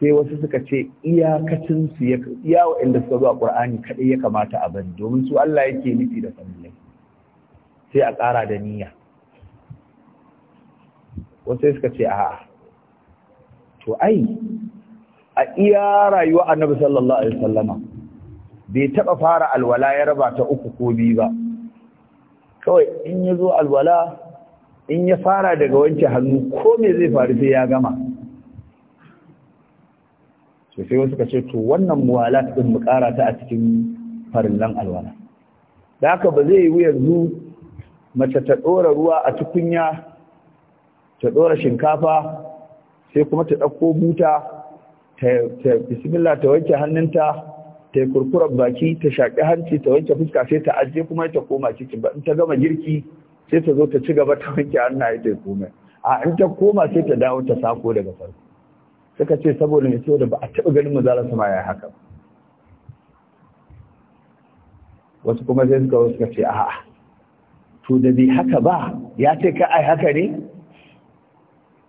sai wasu suka ce iyakacin su ya iya inda suka zo a Qur'ani kadai ya kamata a bari domin su Allah yake nufi da farillai sai a ƙara da niyya wasu suka ce a'a to ai a iya rayuwa annabi sallallahu alaihi wasallama bai taba fara alwala ya raba ta uku ko biyu ba kawai in ya zo alwala in ya fara daga wanke hannu ko me zai faru sai ya gama to sai wasu ka to wannan muwala din mu kara ta a cikin farillan alwala da haka ba zai yi yanzu mace ta dora ruwa a tukunya ta dora shinkafa sai kuma ta dauko buta ta bismillah ta wanke hannunta ta kurkurar baki ta shaƙi hanci ta wanke fuska sai ta ajiye kuma ta koma cikin ba in ta gama girki sai ta zo ta ci gaba ta wanke hannaye ta komai a in ta koma sai ta dawo ta sako daga farko suka ce saboda ne saboda ba a taɓa ganin mazala sama ya haka wasu kuma sai suka wasu suka ce a'a to da bai haka ba ya ce ka ai haka ne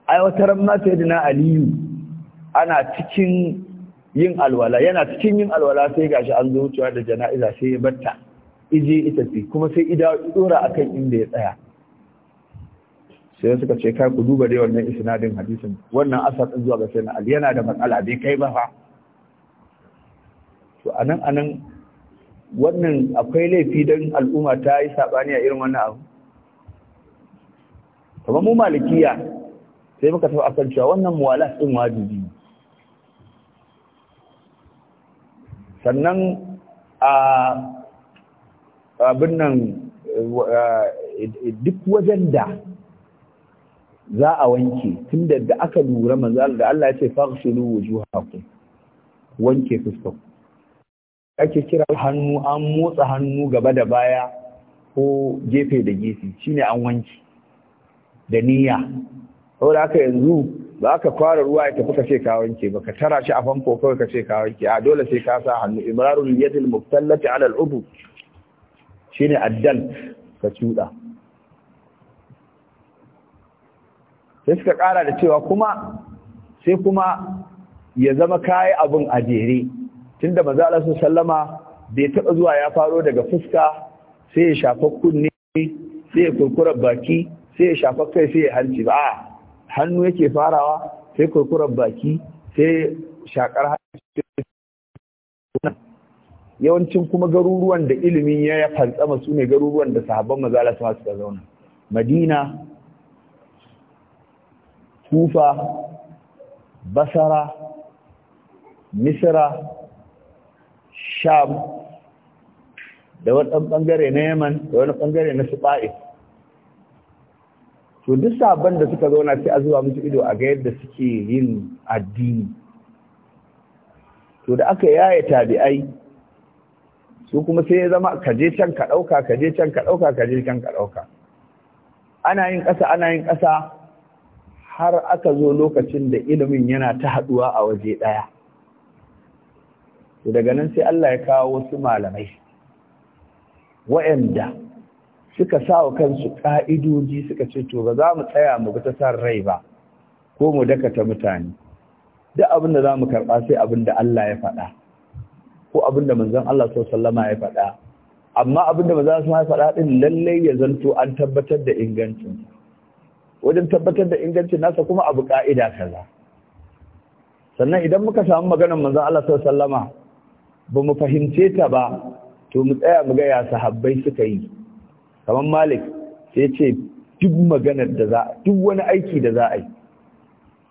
ai wata ramma sai na aliyu ana cikin yin alwala yana cikin yin alwala sai gashi an zo wucewa da jana'iza sai ya batta ije ita fi kuma sai ida dora akan inda ya tsaya sai suka ce kai ku duba dai wannan isnadin hadisin wannan asar din zuwa ga na Ali yana da matsala bai kai ba fa to anan anan wannan akwai laifi dan al'umma ta yi sabani a irin wannan abu kamar mu malikiya sai muka tafi akan cewa wannan muwalas din wajibi sannan a abin nan eh, duk wajen da za a wanke tun da aka lura manzo da Allah ya ce faghsilu wujuhakum wanke fuskar ake kira hannu an motsa hannu gaba da baya ko gefe da gefe shine an wanke da niyya saboda haka yanzu ba ka kwara ruwa ya tafi ka ce ka wanke ba ka tara shi a famfo kawai ka ce ka wanke a dole sai ka sa hannu imrarul yadil muftallati ala al-ubu ne addal ka cuda sai suka kara da cewa kuma sai kuma ya zama kayi abin a jere tunda manzo Allah sallama bai taɓa zuwa ya faro daga fuska sai ya shafa kunne sai ya kurkura baki sai ya shafa kai sai ya hanci ba hannu yake farawa sai kurkurar baki sai shakar yawancin kuma garuruwan da ilimi ya fantsama su ne garuruwan da sahabban mazala su suka zauna madina kufa basara misra sham da wani ɓangare na yaman da wani ɓangare na suba'i to duk sabon da suka zauna sai a zuwa musu ido a ga yadda suke yin addini to da aka yaya tabi'ai su kuma sai ya zama ka je can ka ɗauka ka je can ka ɗauka ka je can ka ɗauka ana yin ƙasa ana yin ƙasa har aka zo lokacin da ilimin yana ta haɗuwa a waje ɗaya to daga nan sai Allah ya kawo wasu malamai wayanda suka sa wa kansu ƙa'idoji suka ce to ba za mu tsaya mu bi ta san rai ba ko mu dakata mutane duk abin da za mu karɓa sai abin da Allah ya faɗa ko abinda manzon Allah sallallahu ya faɗa amma abinda manzon Allah ya faɗa din lalle ya zanto an tabbatar da ingancin wajen tabbatar da ingancin nasa kuma abu ka'ida kaza sannan idan muka samu maganar manzon Allah sallallahu ba mu fahimce ta ba to mu tsaya mu ga ya sahabbai suka yi kamar Malik sai ce duk maganar da za duk wani aiki da za a yi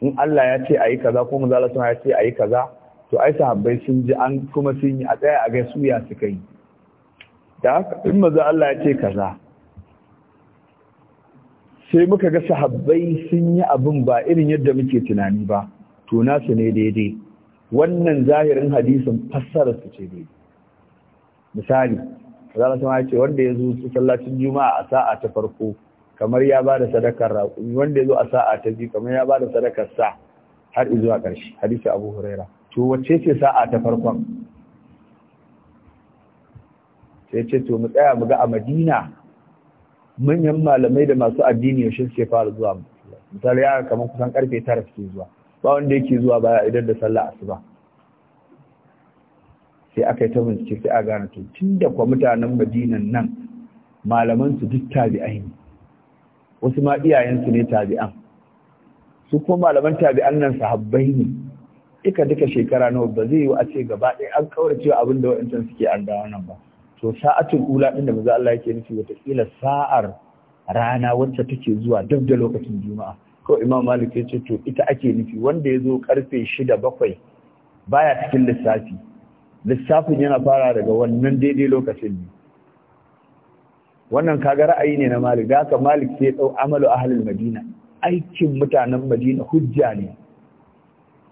in Allah ya ce a yi kaza ko manzon Allah ya ce a yi kaza to ai sahabbai sun ji an kuma sun yi a tsaya a ga suya suka yi da haka in maza Allah ya ce kaza sai muka ga sahabbai sun yi abin ba irin yadda muke tunani ba to su ne daidai wannan zahirin hadisin fassara su ce daidai misali zara sama ya ce wanda ya zo masallacin juma'a a sa'a ta farko kamar ya ba da sadakar raƙumi wanda ya zo a sa'a ta biyu kamar ya ba da sadakar sa har zuwa ƙarshe hadisi abu huraira to wacce ce sa'a ta farkon sai ce to mu tsaya mu ga a madina manyan malamai da masu addini yaushe suke fara zuwa misali ya kamar kusan karfe tara suke zuwa ba wanda yake zuwa ya idan da sallah asuba sai aka yi ta bincike sai a gane to tun da kwa mutanen madinan nan malaman su duk tabi'ai ne wasu ma iyayensu ne tabi'an su kuma malaman tabi'an nan sahabbai ne duka duka shekara nawa ba zai yi a ce gaba ɗaya an cewa abin da wa'ancan suke an da nan ba to sa'atul ula din da maza Allah yake nufi wataƙila sa'ar rana wacce take zuwa duk da lokacin juma'a ko imam malik ya ce to ita ake nufi wanda ya zo karfe shida bakwai baya cikin lissafi lissafin yana fara daga wannan daidai lokacin ne wannan kaga ra'ayi ne na malik da haka malik sai ya ɗau amalu ahalin madina aikin mutanen madina hujja ne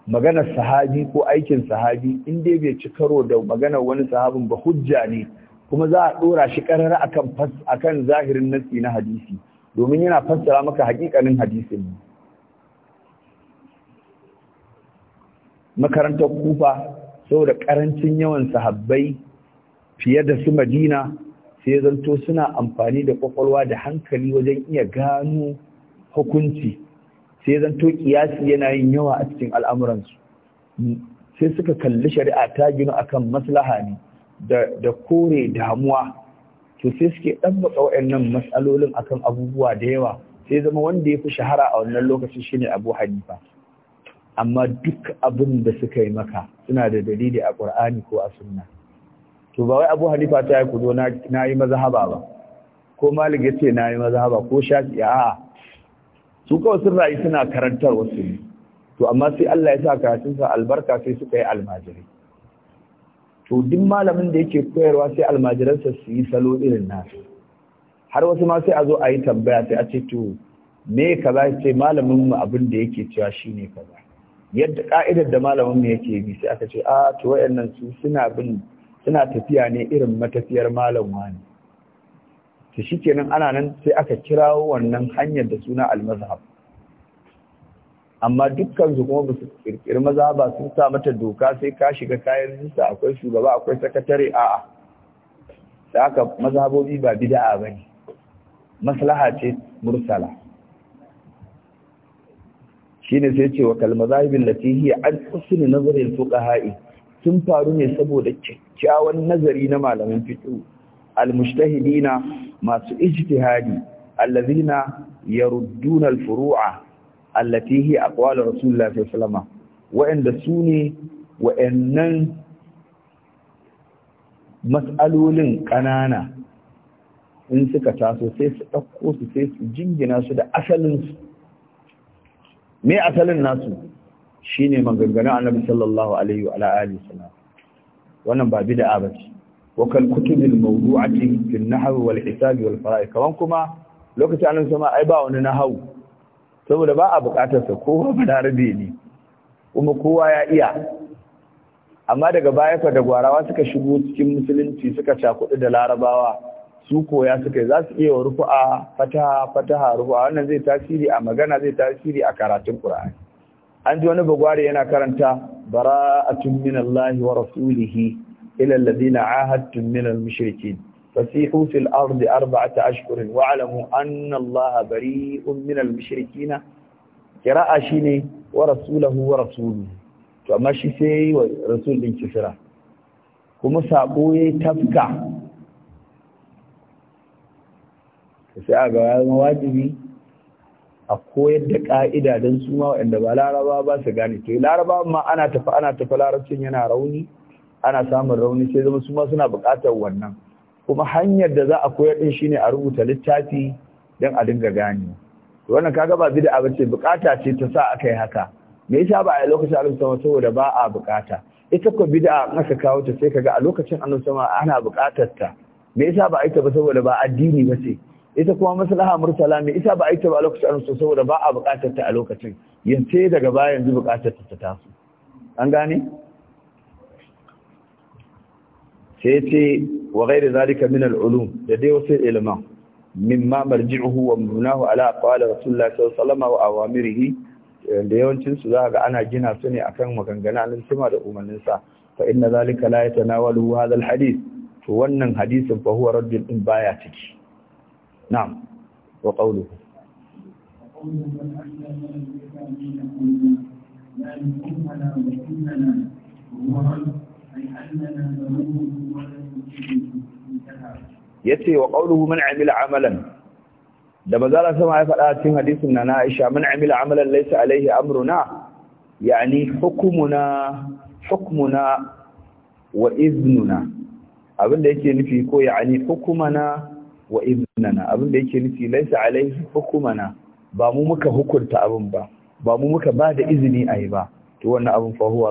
maganar sahabi ko aikin sahabi in dai bai ci karo da maganar wani sahabin ba hujja ne kuma za a dora shi karara akan kan akan zahirin nasi na hadisi domin yana fassara maka hakikanin hadisin ne makarantar kufa saboda karancin yawan sahabbai fiye da su madina sai zanto suna amfani da kwakwalwa da hankali wajen iya gano hukunci sai zan zanto kiyasi yana yin yawa a cikin al'amuransu sai suka kalli shari'a ta gina akan maslaha ne da kore damuwa to sai suke ɗabbaka wa'annan matsalolin akan abubuwa da yawa sai zama wanda ya fi shahara a wannan lokacin shine abu hanifa amma duk abin da suka yi maka suna da dalili a ƙur'ani ko a sunna to ba wai abu hanifa ta yi kudo na yi mazhaba ba ko malik ya ce na yi mazhaba ko shafi a'a su kawai sun rayu suna karantar wasu ne to amma sai Allah ya sa karatunsa albarka sai suka yi almajirai to duk malamin da yake koyarwa sai almajiransa su yi salo irin nasu har wasu ma sai a zo a yi tambaya sai a ce to me kaza ce malamin mu abin da yake cewa shine kaza yadda ka'idar da malamin mu yake bi sai aka ce a ah, to wayannan su suna bin suna tafiya ne irin matafiyar malam wani shi kenan ana nan sai aka kirawo wannan hanyar da suna al amma dukkan su kuma basu kirkiri mazhaba su sa mata doka sai ka shiga kayan rijista akwai shugaba akwai sakatare a da aka mazhabobi ba bid'a bane maslaha ce mursala shine sai ce wa kalmazahibin latihi an usul nazarin fuqaha'i sun faru ne saboda kyakkyawan nazari na malaman fiqh al-mujtahidina masu ijtihadi allazina yarudduna al-furu'a allati hi aqwal rasulullah sallallahu alaihi wasallam wa'anda wa'annan mas'alolin kanana in suka taso sai su ɗauko su sai su jingina su da asalinsu me asalin nasu shine maganganun annabi sallallahu alaihi wa alihi wasallam wannan ba bid'a bace wakal kutubin cikin na nahwi wal hisabi wal fara'i Kawan kuma lokacin annan sama ai ba wani nahwu saboda ba a bukatar sa kowa balarabe ne kuma kowa ya iya amma daga baya fa da gwarawa suka shigo cikin musulunci suka cakudu da larabawa su koya suka za su iya rufu'a fataha fataha rufu'a wannan zai tasiri a magana zai tasiri a karatun qur'ani an ji wani bagware yana karanta bara'atun minallahi wa rasulihi إلى الذين عاهدتم من المشركين فسيحوا في الأرض أربعة أشهر واعلموا أن الله بريء من المشركين قراءة شيني ورسوله ورسوله فما شي سي ورسول انكسرا كما سابوي تفكع sai a ga wajibi a koyar da ka'ida don su ma waɗanda ba laraba ba su gane to laraba ma ana tafi ana tafi larabcin yana rauni ana samun rauni sai zama su suna buƙatar wannan kuma hanyar da za a koyar din shine a rubuta littafi don a dinga gane wannan kaga ba bid'a bace buƙata ce ta sa aka yi haka me yasa ba a lokacin annabi sama saboda ba a buƙata ita ko bid'a in aka kawo ta sai kaga a lokacin annabi sama ana buƙatar ta me yasa ba a yi ta ba saboda ba addini ba ce ita kuma maslaha mursala me yasa ba a yi ta ba a lokacin annabi saboda ba a buƙatar ta a lokacin yanzu daga baya yanzu buƙatar ta ta taso an gane sai ya ce wa gairi zalika minal ulum da dai wasu ilman mimma marji'uhu wa munahu ala qala rasulullah sallallahu alaihi wa awamirihi da yawancin su za ga ana gina su ne akan maganganun al-sima da umarnin sa fa inna zalika la yatanawalu hadha al hadis, to wannan hadisin fa huwa raddun din baya ciki na'am wa qawluhu وقوله yace wa qawluhu man amila amalan da bazara sama ya faɗa cikin hadisin na Aisha man amila amalan laysa alaihi amruna yani hukumuna hukmuna wa iznuna abinda yake nufi ko yani hukumana wa iznana abinda yake nufi laysa alaihi hukumana ba mu muka hukunta abin ba ba mu muka ba da izini ayi ba to wannan abin fa huwa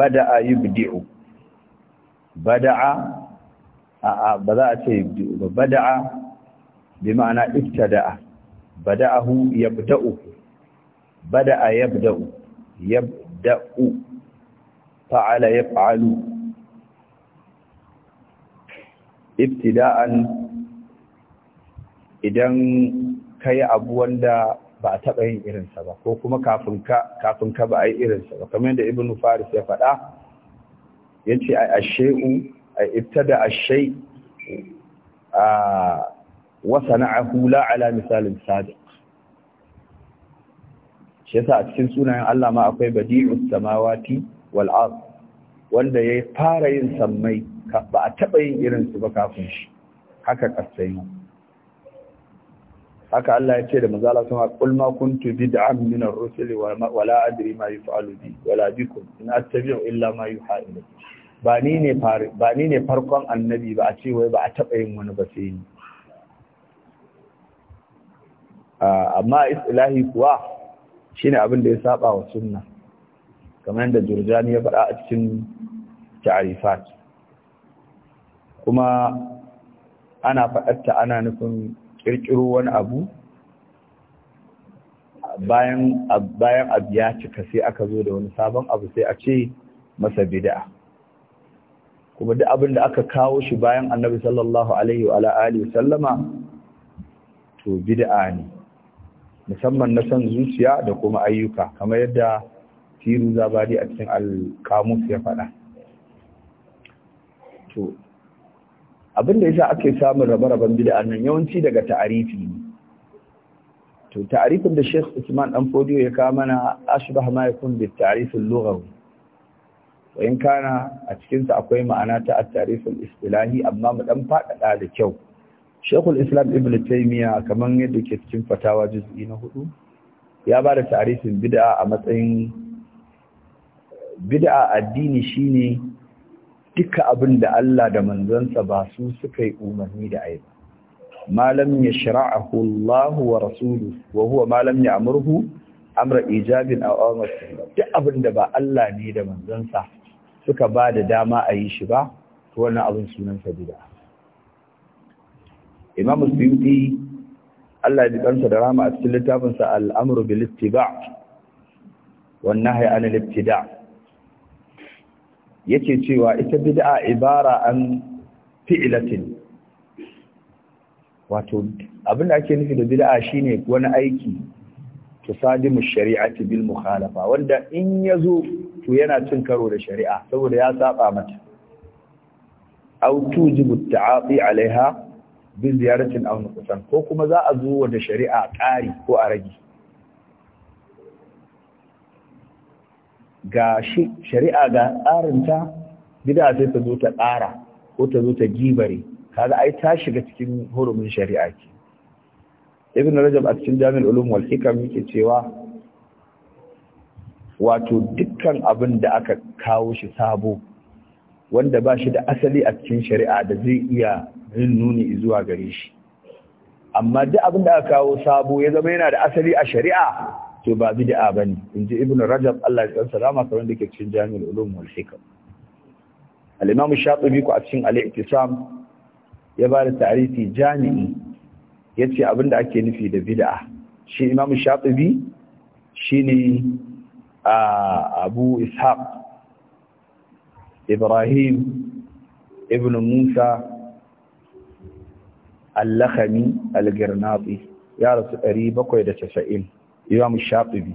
bada'a yubdi'u bada'a a'a ba za a ce yubdi'u ba bada'a bi ma'ana ibtada'a bada'ahu yabda'u bada'a yabda'u yabda'u fa'ala yaf'alu ibtida'an idan kai abu wanda ba a taɓa yin irinsa ba ko kuma kafin ka ba a yi irinsa ba kamar yadda ibn faris ya faɗa ya ce a ashe'u a ibtada ashe a wasa na ahula ala misalin sadiq shi yasa a cikin sunayen Allah ma akwai badi'u samawati wal ard wanda ya fara yin sammai ba a taɓa yin irinsu ba kafin shi haka kasai haka Allah ya ce da mazala Allah sama qul ma kuntu bid'an min ar-rusuli wala adri ma yaf'alu bi wala bikum in attabi'u illa ma yuha ba ni ne farkon annabi ba a ce wai ba a taba yin wani ba sai ni amma islahi kuwa shine abin da ya saba wa sunna kamar yadda Jurjani ya faɗa a cikin ta'arifat. kuma ana faɗarta ana nufin ƙirƙiro wani abu bayan abu ya cika sai aka zo da wani sabon abu sai a ce masa bida kuma duk abin da aka kawo shi bayan annabi sallallahu alaihi wa alihi sallama to bid'a ne musamman na san zuciya da kuma ayyuka kamar yadda tiru zabadi a cikin alkamus ya faɗa to abin da yasa ake samun rabe-raben bid'a nan yawanci daga ta'arifi ne to ta'arifin da Sheikh Usman Dan Fodio ya kawo mana ashbah ma yakun bi ta'arif al-lughawi wa in kana a cikin sa akwai ma'ana ta at-ta'rif al-istilahi amma mu dan fadada da kyau Sheikh islam Ibn Taymiyyah kaman yadda ke cikin fatawa juz'i na hudu ya ba da ta'arifin bid'a a matsayin bid'a addini shine duka abin da Allah da manzansa ba su suka yi umarni da ai malam ya shara'ahu Hullahu wa rasulu wa huwa malam ya amurhu amra ijabin aw duk abin da ba Allah ne da manzansa suka ba da dama a yi shi ba to wannan abin sunansa bid'a Imam Suyuti Allah ya kansa da rama a cikin littafinsa al-amru bil ittiba' wan nahyi anil yake cewa ita bid'a ibara an fi'latin wato abin da ake nufi da bid'a shine wani aiki tusadimu shari'ati bil mukhalafa wanda in yazo to yana cin karo da shari'a saboda ya saba mata aw tujibu ta'ati alaiha bi ziyaratin aw nuqsan ko kuma za a zo da shari'a ƙari ko a rage ga shari'a ga tsarinta gida sai ta zo ta ƙara ko ta zo ta gibare kaga ai ta shiga cikin hurumin shari'a ke ibn rajab a cikin jami'ul ulum wal hikam yake cewa wato dukkan abin da aka kawo shi sabo wanda ba shi da asali a cikin shari'a da zai iya yin nuni zuwa gare shi amma duk abin da aka kawo sabo ya zama yana da asali a shari'a to ba bid'a bane inji ibnu rajab Allah ya salama kamar wanda ke cikin jami'ul ulum wal hikam al-imam shatibi ku a cikin al-i'tisam ya ba da ta'rifi jami'i yace abinda ake nufi da bid'a shi imam shatibi shine abu ishaq ibrahim ibn musa al-lakhami al-girnati ya rasu 790 imam shafi'i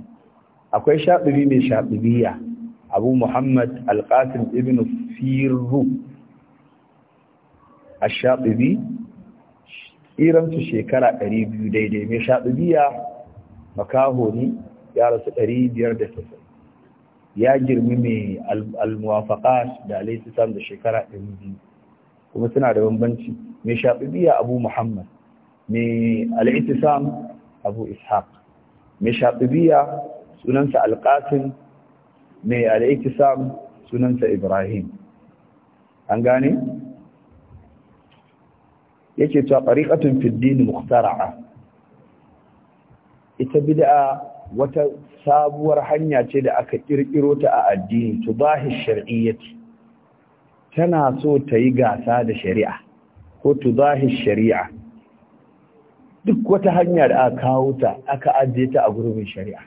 akwai shafi'i mai shafi'iyya abu muhammad al ibn firru ash-shafi'i iransu shekara 200 daidai mai shafi'iyya makaho ne ya rasu 590 ya girmi mai al-muwafaqat da alayhi salam da shekara 200 kuma suna da bambanci mai shafi'iyya abu muhammad mai al abu ishaq mai shaɗibiya sunansa alƙasin mai sam sunansa ibrahim an gane yake cewa ƙariƙatun fiddini muktara'a ita bid'a wata sabuwar hanya ce da aka ƙirƙiro ta a addini to ba shi shar'iyyati tana so ta yi gasa da shari'a ko tubahi shari'a duk wata hanya da aka kawo ta aka ajiye ta a gurbin shari'a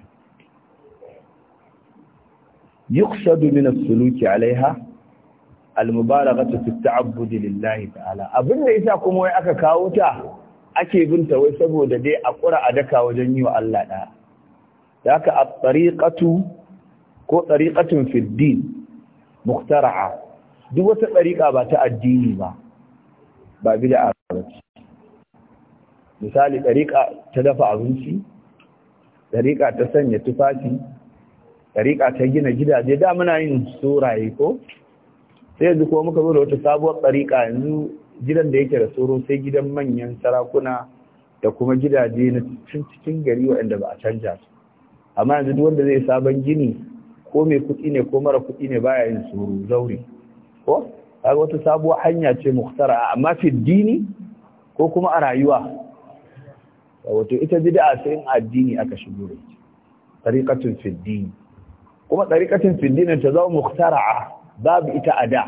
yuqsadu min as-suluki 'alayha al-mubalaghatu fi at-ta'abbud lillahi ta'ala abinda yasa kuma wai aka kawo ta ake binta wai saboda dai a kura a daka wajen yi wa Allah ɗaya. Da haka at-tariqatu ko tsariƙatun fiddin, muktara'a, duk wata tariqa ba ta addini ba, ba bida a misali ɗariƙa ta dafa abinci ɗariƙa ta sanya tufafi ɗariƙa ta gina gidaje da muna yin suraye ko sai yanzu kuma muka zo da wata sabuwar ɗariƙa yanzu gidan da yake da tsoro sai gidan manyan sarakuna da kuma gidaje na cikin gari waɗanda ba a canja su amma yanzu duk wanda zai sabon gini ko mai kuɗi ne ko mara kuɗi ne baya yin tsoro zauri ko kaga wata sabuwar hanya ce muhtara amma fi dini ko kuma a rayuwa wato ita bid'a sai in addini aka shigo da ita tariqatun fiddin kuma tariqatun fiddin ta zama muktara'a babu ita a da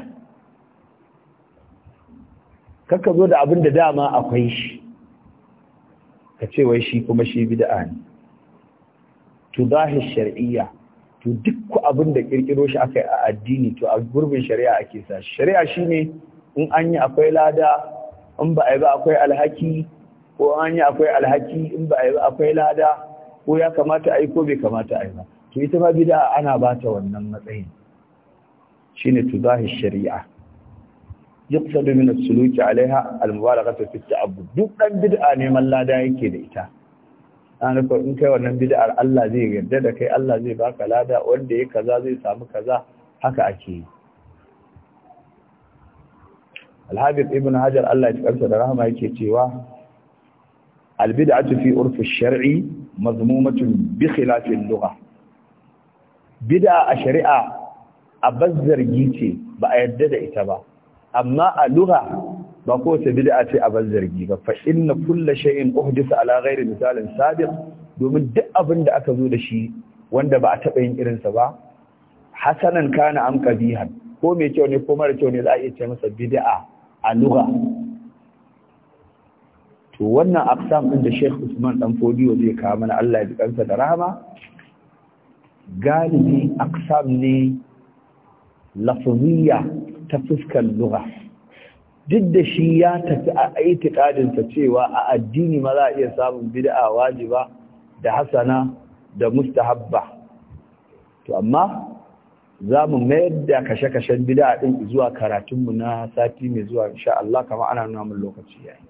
zo da abin da dama akwai shi ka ce wai shi kuma shi bid'a ne tudahi shar'iyya to duk abin da kirkiro shi aka yi a addini to a gurbin shari'a ake sa shari'a shine in an yi akwai lada in ba a yi ba akwai alhaki ko an yi akwai alhaki in ba a akwai lada ko ya kamata a ko bai kamata a ba to ita ma bid'a ana ba ta wannan matsayin shine tuzahi shari'a yuqsadu min as-suluki 'alayha al-mubalaghatu fi at-ta'abbud duk dan bid'a neman lada yake da ita ana ko in kai wannan bid'ar Allah zai yarda da kai Allah zai baka lada wanda ya kaza zai samu kaza haka ake yi Al-Habib Ibn Hajar Allah ya tsarsa da rahama yake cewa albid'atu fi urfi shar'i mazmumatun bi khilafin lugha bid'a a shari'a a bas zargi ce ba a yarda da ita ba amma a lugha ba kowace bida'a ce a bas bazzargi ba fa inna kullu shay'in uhdisa ala ghairi misalin sabiq domin duk abin da aka zo da shi wanda ba a taɓa yin irinsa ba Hassanan kana am qabihan ko mai kyau ne ko mara kyau ne za a iya ce masa bida'a a lugha to wannan aqsam din da Sheikh Usman dan Fodiyo zai kawo mana Allah ya kansa da rahama galibi aksam ne lafziya ta fuskar lugha duk da shi ya tafi a aitikadinsa cewa a addini ma za a iya samun bid'a wajiba da hasana da mustahabba to amma za mu mayar da kashe-kashen bid'a din zuwa karatunmu na sati mai zuwa insha Allah kamar ana nuna mun lokaci yayi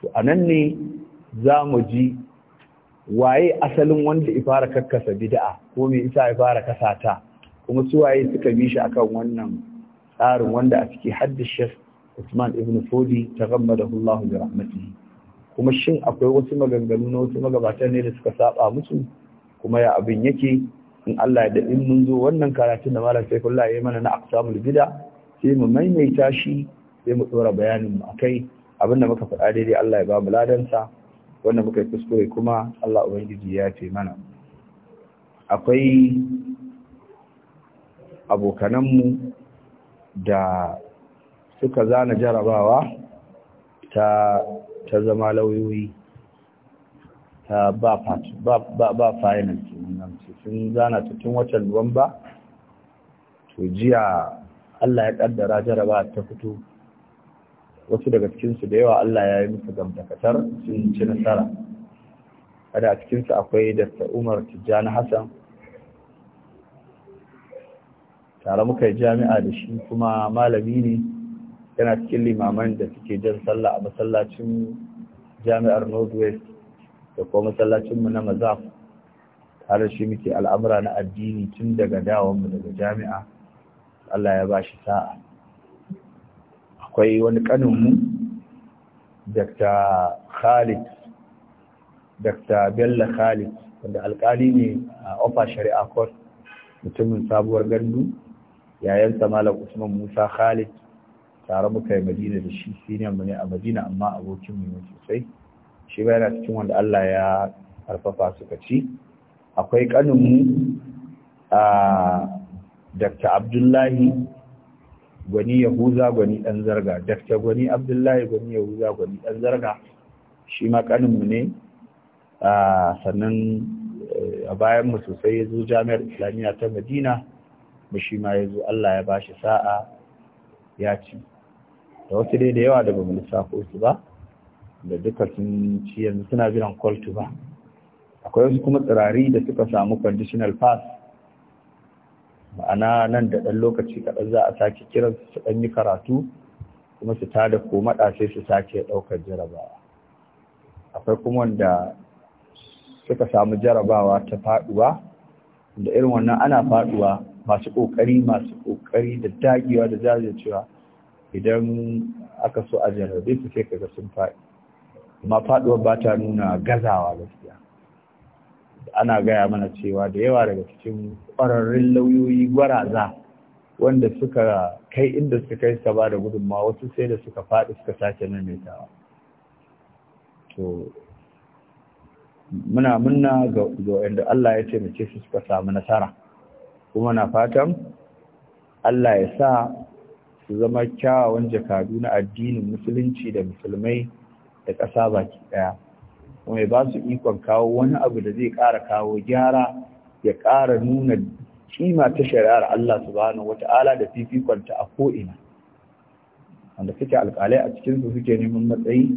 to anan ne za mu ji waye asalin wanda ya fara kakkasa bid'a ko me isa ya fara kasata kuma su waye suka bi shi akan wannan tsarin wanda a ciki hadda Sheikh Usman ibn Fodi taghammadahu Allah bi rahmatihi kuma shin akwai wasu maganganu na wasu magabatan ne da suka saba musu kuma ya abin yake in Allah ya dadin mun zo wannan karatun da malam Saifullah ya mana na aqsamul bid'a sai mu maimaita shi sai mu tsora bayanin mu akai abinda muka faɗa daidai Allah ya ba mu ladansa wanda muka yi kuskure kuma Allah ubangiji ya ce mana akwai abokananmu da suka zana jarabawa ta ta zama lauyoyi ta ba ba ba ba finance sun zana ta tun watan Nuwamba to jiya Allah ya kaddara jarabawa ta fito wasu daga cikinsu da yawa Allah ya yi musu gamtakatar sun ci nasara kada a cikinsu akwai Dr. Umar Tijjani Hassan tare muka yi jami'a da shi kuma malami ne yana cikin limaman da suke jan sallah a masallacin jami'ar northwest da kuma masallacin mu na mazaf tare shi muke al'amura na addini tun daga mu daga jami'a Allah ya bashi sa'a akwai wani kaninmu dr khalid dr bello khalid wanda alkali ne a ofa shari'a court mutumin sabuwar gandu yayansa malam usman musa khalid tare muka yi madina da shi senior mu ne a madina amma abokinmu ne sosai shi ba yana cikin wanda Allah ya karfafa suka ci akwai kaninmu a Dr. Abdullahi gwani yahuza gwani ɗan zarga dakta gwani abdullahi gwani yahuza gwani ɗan zarga shi ma kaninmu ne sannan eh, a bayan mu sosai ya zo jami'ar islamiyya ta madina mu shi ma ya zo allah ya bashi sa'a ya ci da wasu dai da yawa da bamu lissafo su ba da duka sun ci yanzu suna jiran kwaltu ba akwai wasu kuma tsirari da suka samu conditional pass ma'ana nan da ɗan lokaci kaɗan za a sake kiran su su ɗan yi karatu kuma su tada ko maɗa sai su sake ɗaukar jarabawa akwai kuma wanda suka samu jarabawa ta faɗuwa da irin wannan ana faɗuwa masu ƙoƙari masu ƙoƙari da dagewa da jajircewa idan aka so a jarabe su sai kaga sun faɗi amma faɗuwar ba ta nuna gazawa gaskiya ana gaya mana cewa da yawa daga cikin ƙwararrun lauyoyi gwaraza wanda suka kai inda suka kai suka ba da gudunmawa wasu sai da suka faɗi suka sake maimaitawa to muna munna ga inda Allah ya ce mace su suka samu nasara kuma na fatan Allah ya sa su zama kyawawan jakadu na addinin musulunci da musulmai da ƙasa baki ɗaya kuma ya ba su ikon kawo wani abu da zai ƙara kawo gyara ya ƙara nuna kima ta shari'ar Allah subhanahu wata'ala da fifikonta a ko'ina wanda suke alƙalai a su suke neman matsayi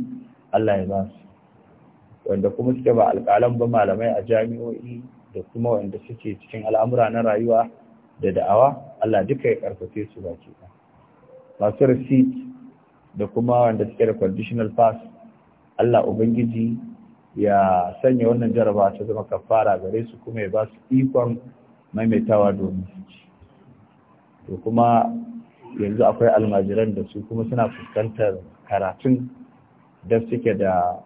Allah ya ba su wanda kuma suke ba alƙalan ba malamai a jami'o'i da kuma wanda suke cikin al'amura na rayuwa da da'awa Allah duka ya karfafe su baki ke masu receipt da kuma wanda suke da conditional pass Allah Ubangiji ya sanya wannan jaraba ta zama kafara gare su kuma ya ba su ikon maimaitawa domin su ci to kuma yanzu akwai almajiran da su kuma suna fuskantar karatun da suke da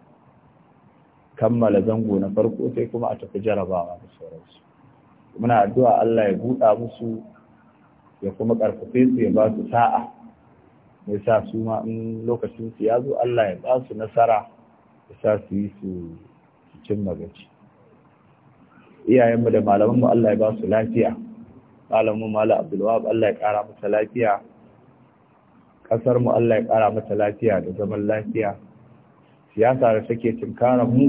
kammala zango na farko sai kuma a tafi jarabawa da sauransu muna addu'a Allah ya buɗa musu ya kuma ƙarfafe su ya ba su sa'a ya sa su ma in lokacinsu ya zo Allah ya ba su nasara ya sa su yi su cin magaci iyayenmu da malamanmu Allah ya ba su lafiya malamin malam abdulwahab Allah ya kara masa lafiya kasarmu Allah ya kara mata lafiya da zaman lafiya siyasa da take tunkaran mu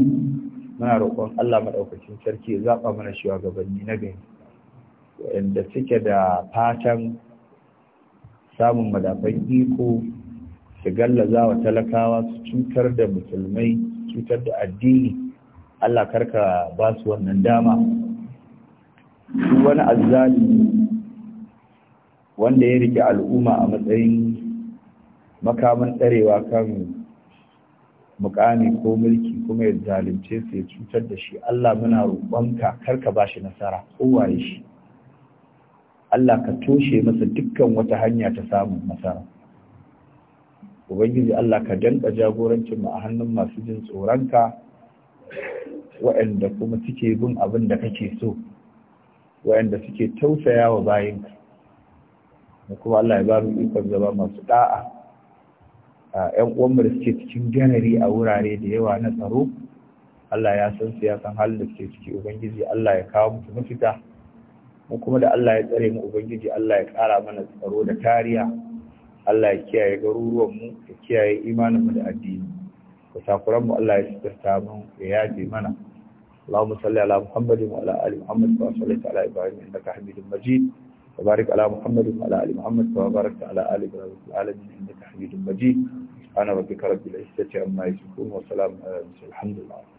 muna roƙon Allah madaukakin sarki ya zaba mana shugabanni na gani wanda suke da fatan samun madafan iko Galla gallaza wa talakawa su cutar da musulmai cutar da addini Allah karka ba su wannan dama wani azzali wanda ya rike al'umma a matsayin makaman tsarewa kan mukami ko mulki kuma ya zalunce su ya cutar da shi Allah muna roƙonka karka ba shi nasara kowaye shi Allah ka toshe masa dukkan wata hanya ta samun nasara ubangiji Allah ka danka jagorancin mu a hannun masu jin tsoronka waɗanda kuma suke bin abin da kake so waɗanda suke tausaya wa bayinka da kuma Allah ya ba mu ikon zama masu da'a ‘yan uwanmu da suke cikin janari a wurare da yawa na tsaro Allah ya san su ya san halin da suke ciki Ubangiji Allah ya kawo musu mafita mu kuma da Allah ya tsare mu Ubangiji Allah ya ƙara mana tsaro da kariya Allah ya kiyaye garuruwanmu ya kiyaye imaninmu da addini da takuranmu Allah ya sitarta mu ya yafe mana Allahumma salli ala Muhammadin wa ala ali Muhammad wa sallallahu ala Ibrahim innaka Hamidum Majid wa barik ala Muhammadin wa ala ali Muhammad wa barakta ala ali Ibrahim fil alamin innaka Hamidum Majid ana rabbika rabbil izzati amma yasifun wa salamun ala mursalin